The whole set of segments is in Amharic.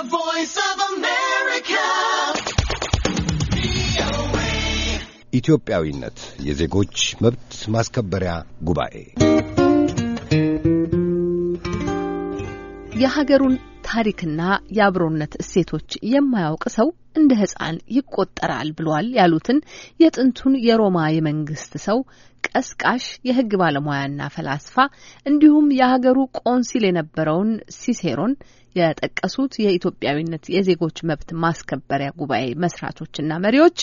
The Voice of America. ኢትዮጵያዊነት የዜጎች መብት ማስከበሪያ ጉባኤ የሀገሩን ታሪክና የአብሮነት እሴቶች የማያውቅ ሰው እንደ ሕፃን ይቆጠራል ብሏል ያሉትን የጥንቱን የሮማ የመንግስት ሰው ቀስቃሽ የህግ ባለሙያና ፈላስፋ እንዲሁም የሀገሩ ቆንሲል የነበረውን ሲሴሮን የጠቀሱት የኢትዮጵያዊነት የዜጎች መብት ማስከበሪያ ጉባኤ መስራቾችና መሪዎች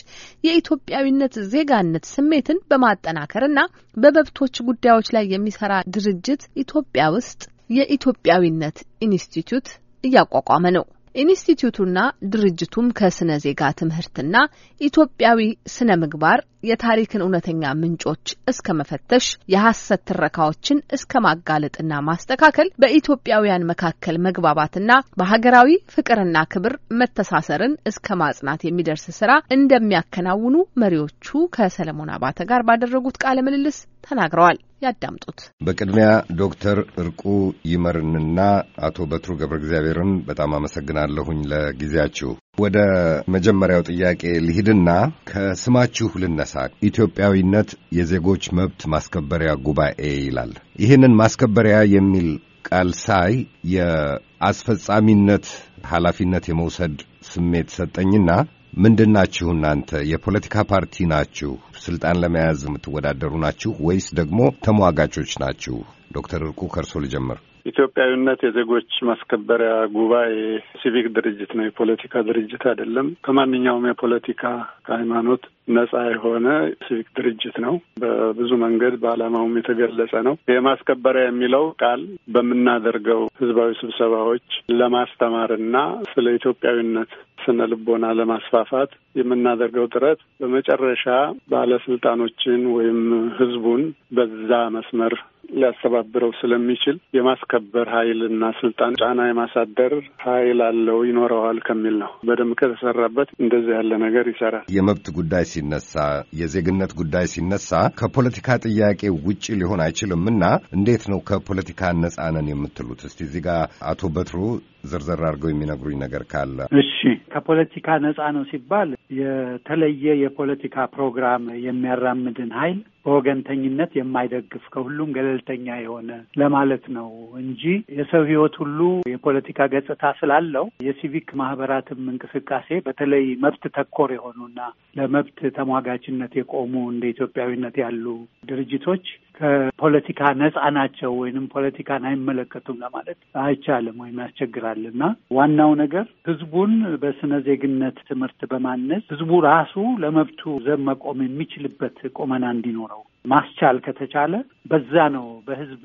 የኢትዮጵያዊነት ዜጋነት ስሜትን በማጠናከርና በመብቶች ጉዳዮች ላይ የሚሰራ ድርጅት ኢትዮጵያ ውስጥ የኢትዮጵያዊነት ኢንስቲትዩት እያቋቋመ ነው። ኢንስቲትዩቱና ድርጅቱም ከስነ ዜጋ ትምህርትና ኢትዮጵያዊ ስነ ምግባር የታሪክን እውነተኛ ምንጮች እስከ መፈተሽ የሐሰት ትረካዎችን እስከ ማጋለጥና ማስተካከል በኢትዮጵያውያን መካከል መግባባትና በሀገራዊ ፍቅርና ክብር መተሳሰርን እስከ ማጽናት የሚደርስ ስራ እንደሚያከናውኑ መሪዎቹ ከሰለሞን አባተ ጋር ባደረጉት ቃለ ምልልስ ተናግረዋል። ያዳምጡት። በቅድሚያ ዶክተር እርቁ ይመርንና አቶ በትሩ ገብረ እግዚአብሔርን በጣም አመሰግናለሁኝ ለጊዜያችሁ። ወደ መጀመሪያው ጥያቄ ልሂድና ከስማችሁ ልነሳ። ኢትዮጵያዊነት የዜጎች መብት ማስከበሪያ ጉባኤ ይላል። ይህንን ማስከበሪያ የሚል ቃል ሳይ የአስፈጻሚነት ኃላፊነት የመውሰድ ስሜት ሰጠኝና ምንድን ናችሁ እናንተ? የፖለቲካ ፓርቲ ናችሁ? ስልጣን ለመያዝ የምትወዳደሩ ናችሁ ወይስ ደግሞ ተሟጋቾች ናችሁ? ዶክተር እርቁ ከእርሶ ልጀምር። ኢትዮጵያዊነት የዜጎች ማስከበሪያ ጉባኤ ሲቪክ ድርጅት ነው፣ የፖለቲካ ድርጅት አይደለም። ከማንኛውም የፖለቲካ ከሃይማኖት፣ ነጻ የሆነ ሲቪክ ድርጅት ነው። በብዙ መንገድ በዓላማውም የተገለጸ ነው። የማስከበሪያ የሚለው ቃል በምናደርገው ህዝባዊ ስብሰባዎች ለማስተማርና ስለ ኢትዮጵያዊነት ስነ ልቦና ለማስፋፋት የምናደርገው ጥረት በመጨረሻ ባለስልጣኖችን ወይም ህዝቡን በዛ መስመር ሊያስተባብረው ስለሚችል የማስከበር ኃይልና ስልጣን ጫና የማሳደር ኃይል አለው ይኖረዋል ከሚል ነው። በደንብ ከተሰራበት እንደዚህ ያለ ነገር ይሰራል። የመብት ጉዳይ ሲነሳ የዜግነት ጉዳይ ሲነሳ ከፖለቲካ ጥያቄ ውጭ ሊሆን አይችልምና እንዴት ነው ከፖለቲካ ነጻነን የምትሉት? እስቲ እዚህ ጋር አቶ በትሩ ዝርዝር አድርገው የሚነግሩኝ ነገር ካለ። እሺ፣ ከፖለቲካ ነጻ ነው ሲባል የተለየ የፖለቲካ ፕሮግራም የሚያራምድን ኃይል በወገንተኝነት የማይደግፍ ከሁሉም ገለልተኛ የሆነ ለማለት ነው እንጂ የሰው ሕይወት ሁሉ የፖለቲካ ገጽታ ስላለው የሲቪክ ማህበራትም እንቅስቃሴ በተለይ መብት ተኮር የሆኑና ለመብት ተሟጋችነት የቆሙ እንደ ኢትዮጵያዊነት ያሉ ድርጅቶች ከፖለቲካ ነጻ ናቸው ወይንም ፖለቲካን አይመለከቱም ለማለት አይቻልም ወይም ያስቸግራል እና ዋናው ነገር ህዝቡን በስነ ዜግነት ትምህርት በማነጽ ህዝቡ ራሱ ለመብቱ ዘብ መቆም የሚችልበት ቁመና እንዲኖረው ማስቻል ከተቻለ በዛ ነው በህዝብ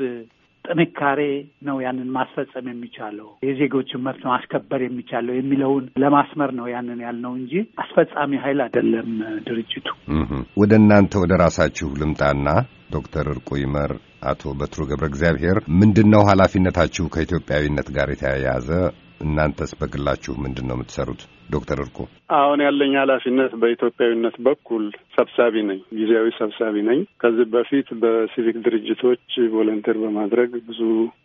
ጥንካሬ ነው ያንን ማስፈጸም የሚቻለው የዜጎችን መብት ማስከበር የሚቻለው የሚለውን ለማስመር ነው ያንን ያልነው እንጂ አስፈጻሚ ኃይል አይደለም ድርጅቱ። ወደ እናንተ ወደ ራሳችሁ ልምጣና ዶክተር እርቁ ይመር፣ አቶ በትሩ ገብረ እግዚአብሔር ምንድን ነው ኃላፊነታችሁ ከኢትዮጵያዊነት ጋር የተያያዘ እናንተስ በግላችሁ ምንድን ነው የምትሰሩት? ዶክተር እርቁ አሁን ያለኝ ኃላፊነት በኢትዮጵያዊነት በኩል ሰብሳቢ ነኝ፣ ጊዜያዊ ሰብሳቢ ነኝ። ከዚህ በፊት በሲቪክ ድርጅቶች ቮለንቲር በማድረግ ብዙ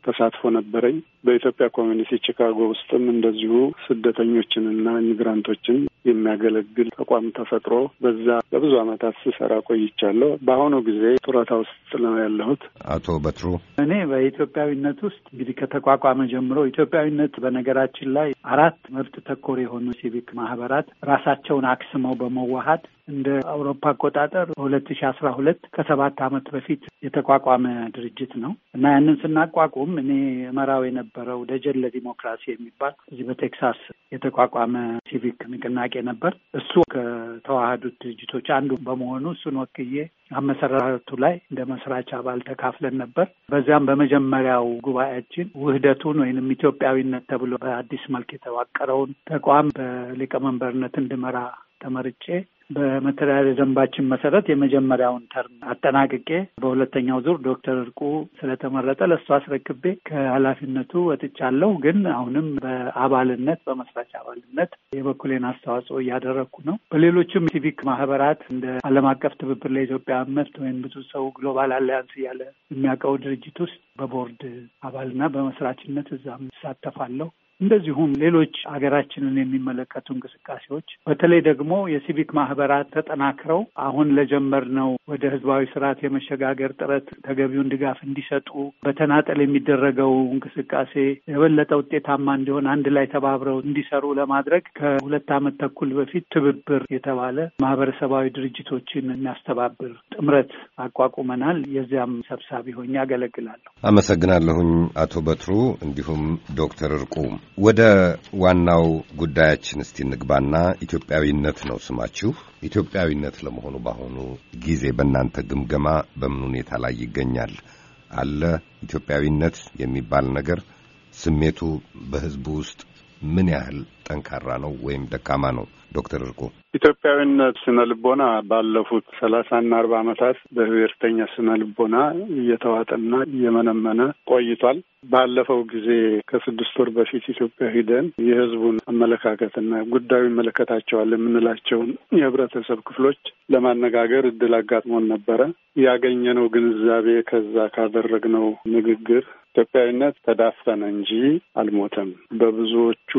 ተሳትፎ ነበረኝ። በኢትዮጵያ ኮሚኒቲ ቺካጎ ውስጥም እንደዚሁ ስደተኞችንና ኢሚግራንቶችን የሚያገለግል ተቋም ተፈጥሮ በዛ ለብዙ ዓመታት ስሰራ ቆይቻለሁ። በአሁኑ ጊዜ ጡረታ ውስጥ ነው ያለሁት። አቶ በትሩ፣ እኔ በኢትዮጵያዊነት ውስጥ እንግዲህ ከተቋቋመ ጀምሮ ኢትዮጵያዊነት በነገራችን ላይ አራት መብት ተኮር የሆኑ ሲቪክ ማህበራት ራሳቸውን አክስመው በመዋሀድ እንደ አውሮፓ አቆጣጠር ሁለት ሺ አስራ ሁለት ከሰባት ዓመት በፊት የተቋቋመ ድርጅት ነው እና ያንን ስናቋቁም እኔ መራው የነበረው ደጀን ለዲሞክራሲ የሚባል እዚህ በቴክሳስ የተቋቋመ ሲቪክ ንቅናቄ ነበር። እሱ ከተዋህዱት ድርጅቶች አንዱ በመሆኑ እሱን ወክዬ አመሰራረቱ ላይ እንደ መስራች አባል ተካፍለን ነበር። በዚያም በመጀመሪያው ጉባኤያችን ውህደቱን ወይንም ኢትዮጵያዊነት ተብሎ በአዲስ መልክ የተዋቀረውን ተቋም በሊቀመንበርነት እንድመራ ተመርጬ በመተዳደሪያ ደንባችን መሰረት የመጀመሪያውን ተርም አጠናቅቄ በሁለተኛው ዙር ዶክተር እርቁ ስለተመረጠ ለእሱ አስረክቤ ከኃላፊነቱ ወጥቻለሁ። ግን አሁንም በአባልነት በመስራች አባልነት የበኩሌን አስተዋጽኦ እያደረግኩ ነው። በሌሎችም ሲቪክ ማህበራት እንደ ዓለም አቀፍ ትብብር ለኢትዮጵያ መብት ወይም ብዙ ሰው ግሎባል አሊያንስ እያለ የሚያውቀው ድርጅት ውስጥ በቦርድ አባልና በመስራችነት እዛም ይሳተፋለሁ። እንደዚሁም ሌሎች ሀገራችንን የሚመለከቱ እንቅስቃሴዎች በተለይ ደግሞ የሲቪክ ማህበራት ተጠናክረው አሁን ለጀመርነው ወደ ህዝባዊ ስርዓት የመሸጋገር ጥረት ተገቢውን ድጋፍ እንዲሰጡ በተናጠል የሚደረገው እንቅስቃሴ የበለጠ ውጤታማ እንዲሆን አንድ ላይ ተባብረው እንዲሰሩ ለማድረግ ከሁለት ዓመት ተኩል በፊት ትብብር የተባለ ማህበረሰባዊ ድርጅቶችን የሚያስተባብር ጥምረት አቋቁመናል። የዚያም ሰብሳቢ ሆኜ አገለግላለሁ። አመሰግናለሁኝ አቶ በትሩ እንዲሁም ዶክተር እርቁ። ወደ ዋናው ጉዳያችን እስቲ እንግባና ኢትዮጵያዊነት ነው ስማችሁ። ኢትዮጵያዊነት ለመሆኑ በአሁኑ ጊዜ በእናንተ ግምገማ በምን ሁኔታ ላይ ይገኛል? አለ ኢትዮጵያዊነት የሚባል ነገር ስሜቱ በህዝቡ ውስጥ ምን ያህል ጠንካራ ነው ወይም ደካማ ነው? ዶክተር እርቁ ኢትዮጵያዊነት ስነ ልቦና ባለፉት ሰላሳና አርባ ዓመታት በብሔርተኛ ስነ ልቦና እየተዋጠና እየመነመነ ቆይቷል። ባለፈው ጊዜ ከስድስት ወር በፊት ኢትዮጵያ ሂደን የሕዝቡን አመለካከትና ጉዳዩ ይመለከታቸዋል የምንላቸውን የህብረተሰብ ክፍሎች ለማነጋገር እድል አጋጥሞን ነበረ። ያገኘነው ግንዛቤ ከዛ ካደረግነው ንግግር ኢትዮጵያዊነት ተዳፈነ እንጂ አልሞተም። በብዙዎቹ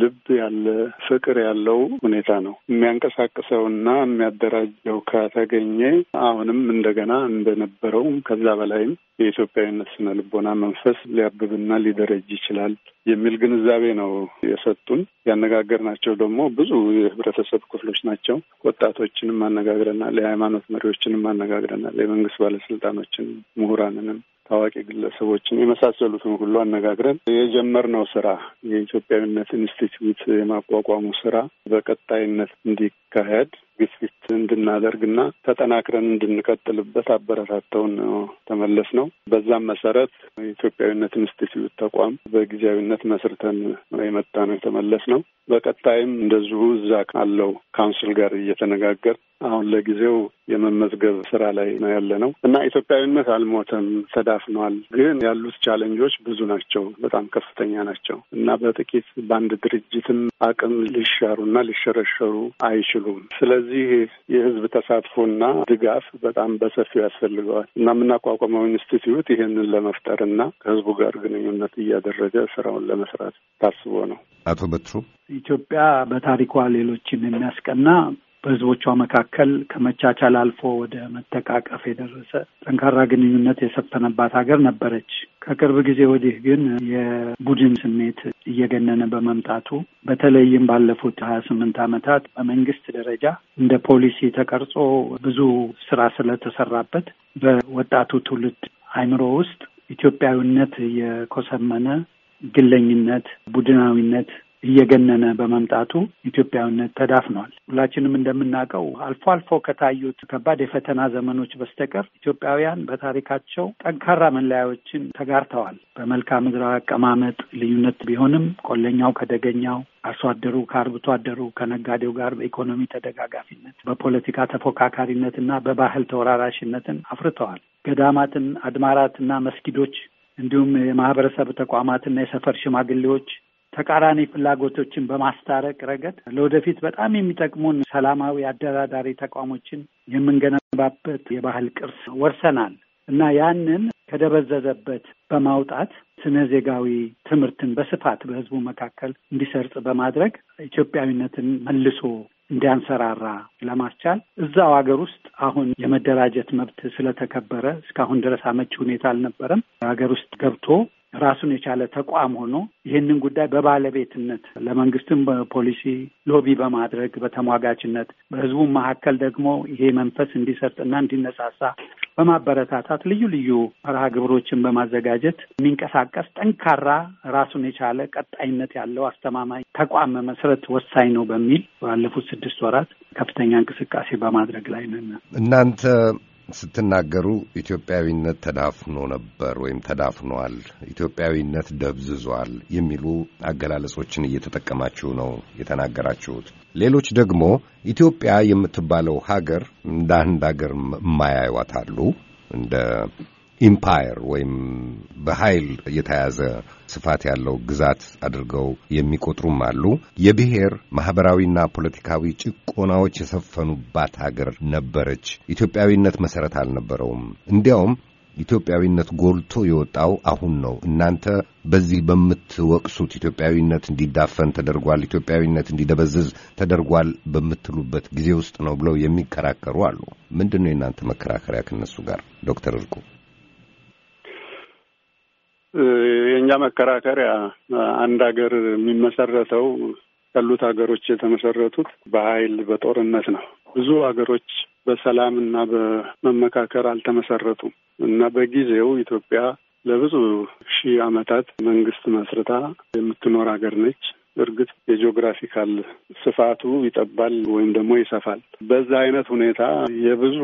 ልብ ያለ ፍቅር ያለው ሁኔታ ነው የሚያንቀሳቅሰውና የሚያደራጀው ከተገኘ አሁንም እንደገና እንደነበረው ከዛ በላይም የኢትዮጵያዊነት ስነ ልቦና መንፈስ ሊያብብና ሊደረጅ ይችላል የሚል ግንዛቤ ነው የሰጡን። ያነጋገርናቸው ደግሞ ብዙ የህብረተሰብ ክፍሎች ናቸው። ወጣቶችንም አነጋግረናል። የሃይማኖት መሪዎችንም አነጋግረናል። የመንግስት ባለስልጣኖችን፣ ምሁራንንም ታዋቂ ግለሰቦችን የመሳሰሉትን ሁሉ አነጋግረን የጀመርነው ስራ የኢትዮጵያዊነት ኢንስቲትዩት የማቋቋሙ ስራ በቀጣይነት እንዲካሄድ ግስግስት እንድናደርግና ተጠናክረን እንድንቀጥልበት አበረታተውን ነው ተመለስ ነው። በዛም መሰረት የኢትዮጵያዊነት ኢንስቲትዩት ተቋም በጊዜያዊነት መስርተን የመጣ ነው የተመለስ ነው። በቀጣይም እንደዚሁ እዛ ካለው ካውንስል ጋር እየተነጋገር አሁን ለጊዜው የመመዝገብ ስራ ላይ ነው ያለ ነው እና ኢትዮጵያዊነት አልሞተም፣ ተዳፍኗል። ግን ያሉት ቻለንጆች ብዙ ናቸው፣ በጣም ከፍተኛ ናቸው እና በጥቂት በአንድ ድርጅትም አቅም ሊሻሩና ሊሸረሸሩ አይችሉም። ስለዚህ ስለዚህ የህዝብ ተሳትፎና ድጋፍ በጣም በሰፊው ያስፈልገዋል እና የምናቋቋመው ኢንስቲትዩት ይህንን ለመፍጠር እና ከህዝቡ ጋር ግንኙነት እያደረገ ስራውን ለመስራት ታስቦ ነው። አቶ በትሩ ኢትዮጵያ በታሪኳ ሌሎችን የሚያስቀና በህዝቦቿ መካከል ከመቻቻል አልፎ ወደ መተቃቀፍ የደረሰ ጠንካራ ግንኙነት የሰፈነባት ሀገር ነበረች። ከቅርብ ጊዜ ወዲህ ግን የቡድን ስሜት እየገነነ በመምጣቱ በተለይም ባለፉት ሀያ ስምንት ዓመታት በመንግስት ደረጃ እንደ ፖሊሲ ተቀርጾ ብዙ ስራ ስለተሰራበት በወጣቱ ትውልድ አይምሮ ውስጥ ኢትዮጵያዊነት የኮሰመነ ግለኝነት፣ ቡድናዊነት እየገነነ በመምጣቱ ኢትዮጵያዊነት ተዳፍኗል። ሁላችንም እንደምናውቀው አልፎ አልፎ ከታዩት ከባድ የፈተና ዘመኖች በስተቀር ኢትዮጵያውያን በታሪካቸው ጠንካራ መለያዎችን ተጋርተዋል። በመልክዓ ምድራዊ አቀማመጥ ልዩነት ቢሆንም ቆለኛው ከደገኛው አርሶ አደሩ ከአርብቶ አደሩ ከነጋዴው ጋር በኢኮኖሚ ተደጋጋፊነት፣ በፖለቲካ ተፎካካሪነት በባህል ተወራራሽነትን አፍርተዋል። ገዳማትን፣ አድባራትና መስጊዶች እንዲሁም የማህበረሰብ ተቋማትና የሰፈር ሽማግሌዎች ተቃራኒ ፍላጎቶችን በማስታረቅ ረገድ ለወደፊት በጣም የሚጠቅሙን ሰላማዊ አደራዳሪ ተቋሞችን የምንገነባበት የባህል ቅርስ ወርሰናል እና ያንን ከደበዘዘበት በማውጣት ስነ ዜጋዊ ትምህርትን በስፋት በህዝቡ መካከል እንዲሰርጽ በማድረግ ኢትዮጵያዊነትን መልሶ እንዲያንሰራራ ለማስቻል እዛው ሀገር ውስጥ አሁን የመደራጀት መብት ስለተከበረ እስካሁን ድረስ አመቺ ሁኔታ አልነበረም። ሀገር ውስጥ ገብቶ ራሱን የቻለ ተቋም ሆኖ ይህንን ጉዳይ በባለቤትነት ለመንግስትም ፖሊሲ ሎቢ በማድረግ በተሟጋችነት በህዝቡ መካከል ደግሞ ይሄ መንፈስ እንዲሰርጥና እንዲነሳሳ በማበረታታት ልዩ ልዩ መርሃ ግብሮችን በማዘጋጀት የሚንቀሳቀስ ጠንካራ ራሱን የቻለ ቀጣይነት ያለው አስተማማኝ ተቋም መመስረት ወሳኝ ነው በሚል ባለፉት ስድስት ወራት ከፍተኛ እንቅስቃሴ በማድረግ ላይ ነን። እናንተ ስትናገሩ ኢትዮጵያዊነት ተዳፍኖ ነበር ወይም ተዳፍኗል፣ ኢትዮጵያዊነት ደብዝዟል የሚሉ አገላለጾችን እየተጠቀማችሁ ነው የተናገራችሁት። ሌሎች ደግሞ ኢትዮጵያ የምትባለው ሀገር እንደ አንድ ሀገር የማያዩዋት አሉ። እንደ ኢምፓየር ወይም በኃይል የተያዘ ስፋት ያለው ግዛት አድርገው የሚቆጥሩም አሉ። የብሔር ማኅበራዊና ፖለቲካዊ ጭቆናዎች የሰፈኑባት ሀገር ነበረች። ኢትዮጵያዊነት መሰረት አልነበረውም። እንዲያውም ኢትዮጵያዊነት ጎልቶ የወጣው አሁን ነው። እናንተ በዚህ በምትወቅሱት ኢትዮጵያዊነት እንዲዳፈን ተደርጓል፣ ኢትዮጵያዊነት እንዲደበዝዝ ተደርጓል በምትሉበት ጊዜ ውስጥ ነው ብለው የሚከራከሩ አሉ። ምንድን ነው የእናንተ መከራከሪያ ከነሱ ጋር ዶክተር እርቁ? አንጃ መከራከሪያ አንድ ሀገር የሚመሰረተው ያሉት ሀገሮች የተመሰረቱት በኃይል በጦርነት ነው። ብዙ ሀገሮች በሰላም እና በመመካከር አልተመሰረቱም እና በጊዜው ኢትዮጵያ ለብዙ ሺህ ዓመታት መንግስት መስርታ የምትኖር ሀገር ነች። እርግጥ የጂኦግራፊካል ስፋቱ ይጠባል ወይም ደግሞ ይሰፋል። በዛ አይነት ሁኔታ የብዙ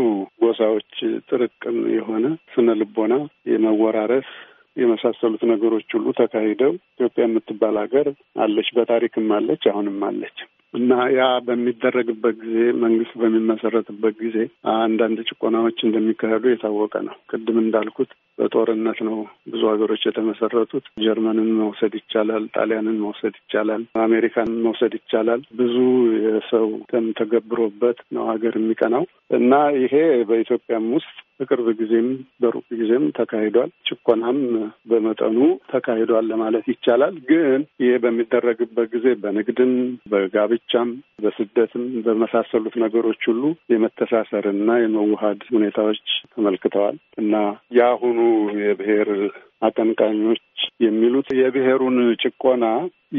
ጎሳዎች ጥርቅም የሆነ ስነ ልቦና የመወራረስ የመሳሰሉት ነገሮች ሁሉ ተካሂደው ኢትዮጵያ የምትባል ሀገር አለች፣ በታሪክም አለች፣ አሁንም አለች እና ያ በሚደረግበት ጊዜ መንግስት በሚመሰረትበት ጊዜ አንዳንድ ጭቆናዎች እንደሚካሄዱ የታወቀ ነው። ቅድም እንዳልኩት በጦርነት ነው ብዙ ሀገሮች የተመሰረቱት። ጀርመንን መውሰድ ይቻላል፣ ጣሊያንን መውሰድ ይቻላል፣ አሜሪካን መውሰድ ይቻላል። ብዙ የሰው ተገብሮበት ነው ሀገር የሚቀናው እና ይሄ በኢትዮጵያም ውስጥ በቅርብ ጊዜም በሩቅ ጊዜም ተካሂዷል። ጭቆናም በመጠኑ ተካሂዷል ለማለት ይቻላል። ግን ይህ በሚደረግበት ጊዜ በንግድም፣ በጋብቻም፣ በስደትም በመሳሰሉት ነገሮች ሁሉ የመተሳሰርና የመዋሃድ ሁኔታዎች ተመልክተዋል እና የአሁኑ የብሔር አቀንቃኞች የሚሉት የብሔሩን ጭቆና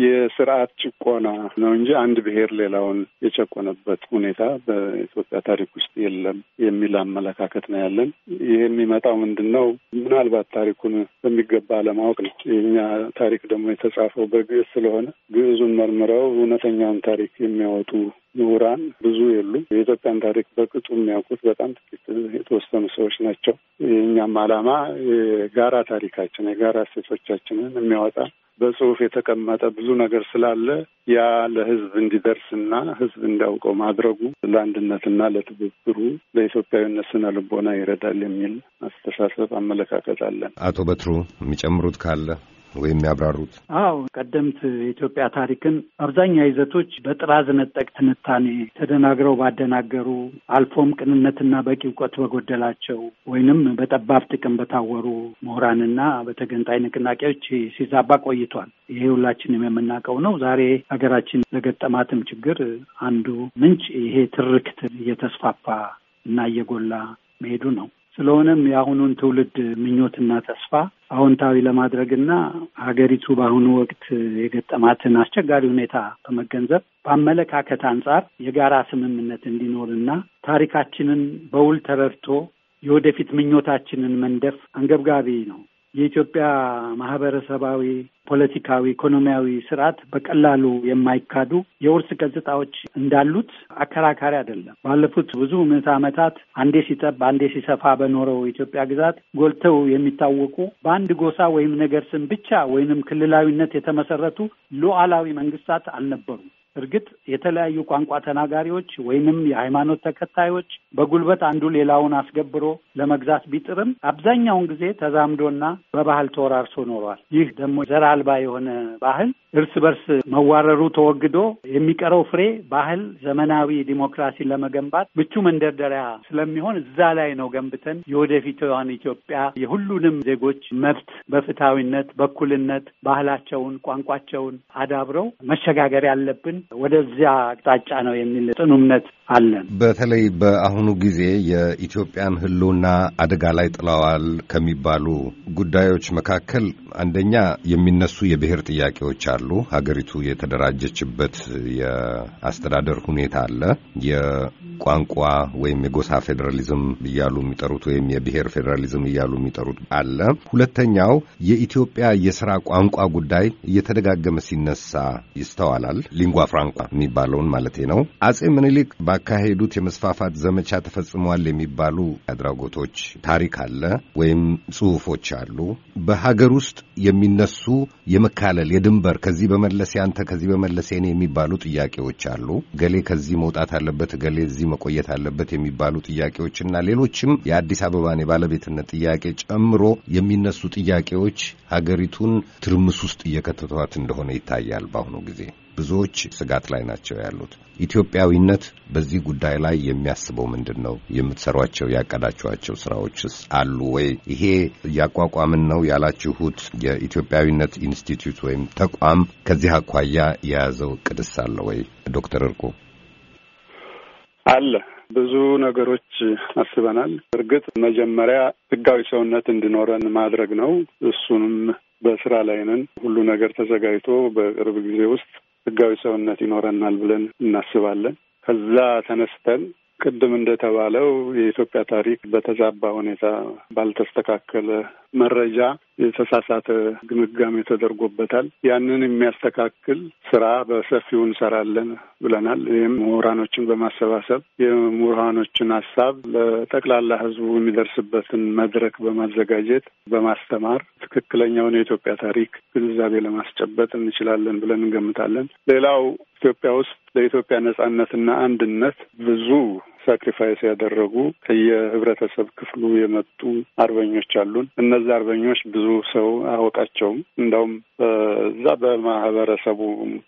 የስርዓት ጭቆና ነው እንጂ አንድ ብሔር ሌላውን የጨቆነበት ሁኔታ በኢትዮጵያ ታሪክ ውስጥ የለም የሚል አመለካከት ነው ያለን። ይህ የሚመጣው ምንድን ነው? ምናልባት ታሪኩን በሚገባ አለማወቅ ነው። የኛ ታሪክ ደግሞ የተጻፈው በግዕዝ ስለሆነ ግዕዙን መርምረው እውነተኛውን ታሪክ የሚያወጡ ምሁራን ብዙ የሉም። የኢትዮጵያን ታሪክ በቅጡ የሚያውቁት በጣም ጥቂት የተወሰኑ ሰዎች ናቸው። የእኛም ዓላማ የጋራ ታሪካችን የጋራ እሴቶቻችንን የሚያወጣ በጽሁፍ የተቀመጠ ብዙ ነገር ስላለ ያ ለህዝብ እንዲደርስና ህዝብ እንዲያውቀው ማድረጉ ለአንድነትና ለትብብሩ ለኢትዮጵያዊነት ስነ ልቦና ይረዳል የሚል አስተሳሰብ አመለካከት አለን። አቶ በትሩ የሚጨምሩት ካለ ወይም ያብራሩት? አዎ ቀደምት የኢትዮጵያ ታሪክን አብዛኛ ይዘቶች በጥራዝ ነጠቅ ትንታኔ ተደናግረው ባደናገሩ አልፎም ቅንነትና በቂ እውቀት በጎደላቸው ወይንም በጠባብ ጥቅም በታወሩ ምሁራንና በተገንጣይ ንቅናቄዎች ሲዛባ ቆይቷል። ይሄ ሁላችንም የምናውቀው ነው። ዛሬ ሀገራችን ለገጠማትም ችግር አንዱ ምንጭ ይሄ ትርክት እየተስፋፋ እና እየጎላ መሄዱ ነው። ስለሆነም የአሁኑን ትውልድ ምኞትና ተስፋ አዎንታዊ ለማድረግና ሀገሪቱ በአሁኑ ወቅት የገጠማትን አስቸጋሪ ሁኔታ በመገንዘብ በአመለካከት አንጻር የጋራ ስምምነት እንዲኖርና ታሪካችንን በውል ተረድቶ የወደፊት ምኞታችንን መንደፍ አንገብጋቢ ነው። የኢትዮጵያ ማህበረሰባዊ፣ ፖለቲካዊ፣ ኢኮኖሚያዊ ስርዓት በቀላሉ የማይካዱ የውርስ ገጽታዎች እንዳሉት አከራካሪ አይደለም። ባለፉት ብዙ ምዕተ ዓመታት አንዴ ሲጠብ አንዴ ሲሰፋ በኖረው የኢትዮጵያ ግዛት ጎልተው የሚታወቁ በአንድ ጎሳ ወይም ነገር ስም ብቻ ወይንም ክልላዊነት የተመሰረቱ ሉዓላዊ መንግስታት አልነበሩም። እርግጥ የተለያዩ ቋንቋ ተናጋሪዎች ወይንም የሃይማኖት ተከታዮች በጉልበት አንዱ ሌላውን አስገብሮ ለመግዛት ቢጥርም አብዛኛውን ጊዜ ተዛምዶና በባህል ተወራርሶ ኖሯል። ይህ ደግሞ ዘር አልባ የሆነ ባህል እርስ በርስ መዋረሩ ተወግዶ የሚቀረው ፍሬ ባህል ዘመናዊ ዲሞክራሲን ለመገንባት ምቹ መንደርደሪያ ስለሚሆን እዛ ላይ ነው ገንብተን የወደፊትዋን ኢትዮጵያ የሁሉንም ዜጎች መብት በፍትሐዊነት በኩልነት ባህላቸውን፣ ቋንቋቸውን አዳብረው መሸጋገር ያለብን ወደዚያ አቅጣጫ ነው የሚል ጥኑምነት እምነት አለን። በተለይ በአሁኑ ጊዜ የኢትዮጵያን ሕልውና አደጋ ላይ ጥለዋል ከሚባሉ ጉዳዮች መካከል አንደኛ የሚነሱ የብሔር ጥያቄዎች አሉ። ሀገሪቱ የተደራጀችበት የአስተዳደር ሁኔታ አለ። የቋንቋ ወይም የጎሳ ፌዴራሊዝም እያሉ የሚጠሩት ወይም የብሔር ፌዴራሊዝም እያሉ የሚጠሩት አለ። ሁለተኛው የኢትዮጵያ የስራ ቋንቋ ጉዳይ እየተደጋገመ ሲነሳ ይስተዋላል። ሊንጓ ቋንቋ የሚባለውን ማለት ነው። አጼ ምኒልክ ባካሄዱት የመስፋፋት ዘመቻ ተፈጽመዋል የሚባሉ አድራጎቶች ታሪክ አለ ወይም ጽሁፎች አሉ። በሀገር ውስጥ የሚነሱ የመካለል የድንበር ከዚህ በመለስ ያንተ ከዚህ በመለስ ኔ የሚባሉ ጥያቄዎች አሉ። ገሌ ከዚህ መውጣት አለበት፣ ገሌ እዚህ መቆየት አለበት የሚባሉ ጥያቄዎችና ሌሎችም የአዲስ አበባን የባለቤትነት ጥያቄ ጨምሮ የሚነሱ ጥያቄዎች ሀገሪቱን ትርምስ ውስጥ እየከተቷት እንደሆነ ይታያል በአሁኑ ጊዜ። ብዙዎች ስጋት ላይ ናቸው ያሉት። ኢትዮጵያዊነት በዚህ ጉዳይ ላይ የሚያስበው ምንድን ነው? የምትሰሯቸው ያቀዳችኋቸው ስራዎችስ አሉ ወይ? ይሄ እያቋቋምን ነው ያላችሁት የኢትዮጵያዊነት ኢንስቲትዩት ወይም ተቋም ከዚህ አኳያ የያዘው ቅድስ አለ ወይ? ዶክተር እርቁ አለ። ብዙ ነገሮች አስበናል። እርግጥ መጀመሪያ ህጋዊ ሰውነት እንዲኖረን ማድረግ ነው። እሱንም በስራ ላይ ነን። ሁሉ ነገር ተዘጋጅቶ በቅርብ ጊዜ ውስጥ ህጋዊ ሰውነት ይኖረናል ብለን እናስባለን። ከዛ ተነስተን ቅድም እንደተባለው የኢትዮጵያ ታሪክ በተዛባ ሁኔታ ባልተስተካከለ መረጃ የተሳሳተ ግምጋሜ ተደርጎበታል። ያንን የሚያስተካክል ስራ በሰፊው እንሰራለን ብለናል። ይህም ምሁራኖችን በማሰባሰብ የምሁራኖችን ሀሳብ ለጠቅላላ ሕዝቡ የሚደርስበትን መድረክ በማዘጋጀት በማስተማር ትክክለኛውን የኢትዮጵያ ታሪክ ግንዛቤ ለማስጨበጥ እንችላለን ብለን እንገምታለን። ሌላው ኢትዮጵያ ውስጥ ለኢትዮጵያ ነጻነትና አንድነት ብዙ ሳክሪፋይስ ያደረጉ ከየህብረተሰብ ክፍሉ የመጡ አርበኞች አሉን። እነዚህ አርበኞች ብዙ ሰው አወቃቸውም። እንዳውም እዛ በማህበረሰቡ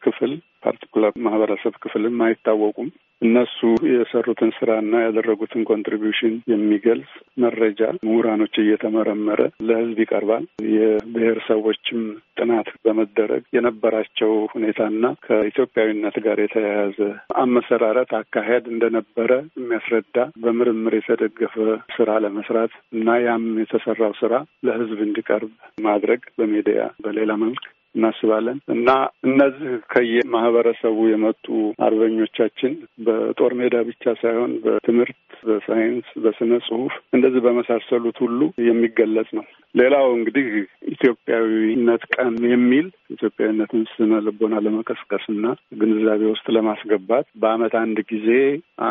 ክፍል ፓርቲኩላር ማህበረሰብ ክፍልም አይታወቁም። እነሱ የሰሩትን ስራና ያደረጉትን ኮንትሪቢሽን የሚገልጽ መረጃ ምሁራኖች እየተመረመረ ለህዝብ ይቀርባል። የብሔረሰቦችም ጥናት በመደረግ የነበራቸው ሁኔታና ከኢትዮጵያዊነት ጋር የተያያዘ አመሰራረት አካሄድ እንደነበረ የሚያስረዳ በምርምር የተደገፈ ስራ ለመስራት እና ያም የተሰራው ስራ ለህዝብ እንዲቀርብ ማድረግ በሜዲያ በሌላ መልክ እናስባለን እና እነዚህ ከየማህበረሰቡ የመጡ አርበኞቻችን በጦር ሜዳ ብቻ ሳይሆን በትምህርት፣ በሳይንስ፣ በስነ ጽሁፍ እንደዚህ በመሳሰሉት ሁሉ የሚገለጽ ነው። ሌላው እንግዲህ ኢትዮጵያዊነት ቀን የሚል ኢትዮጵያዊነትን ስነ ልቦና ለመቀስቀስ እና ግንዛቤ ውስጥ ለማስገባት በአመት አንድ ጊዜ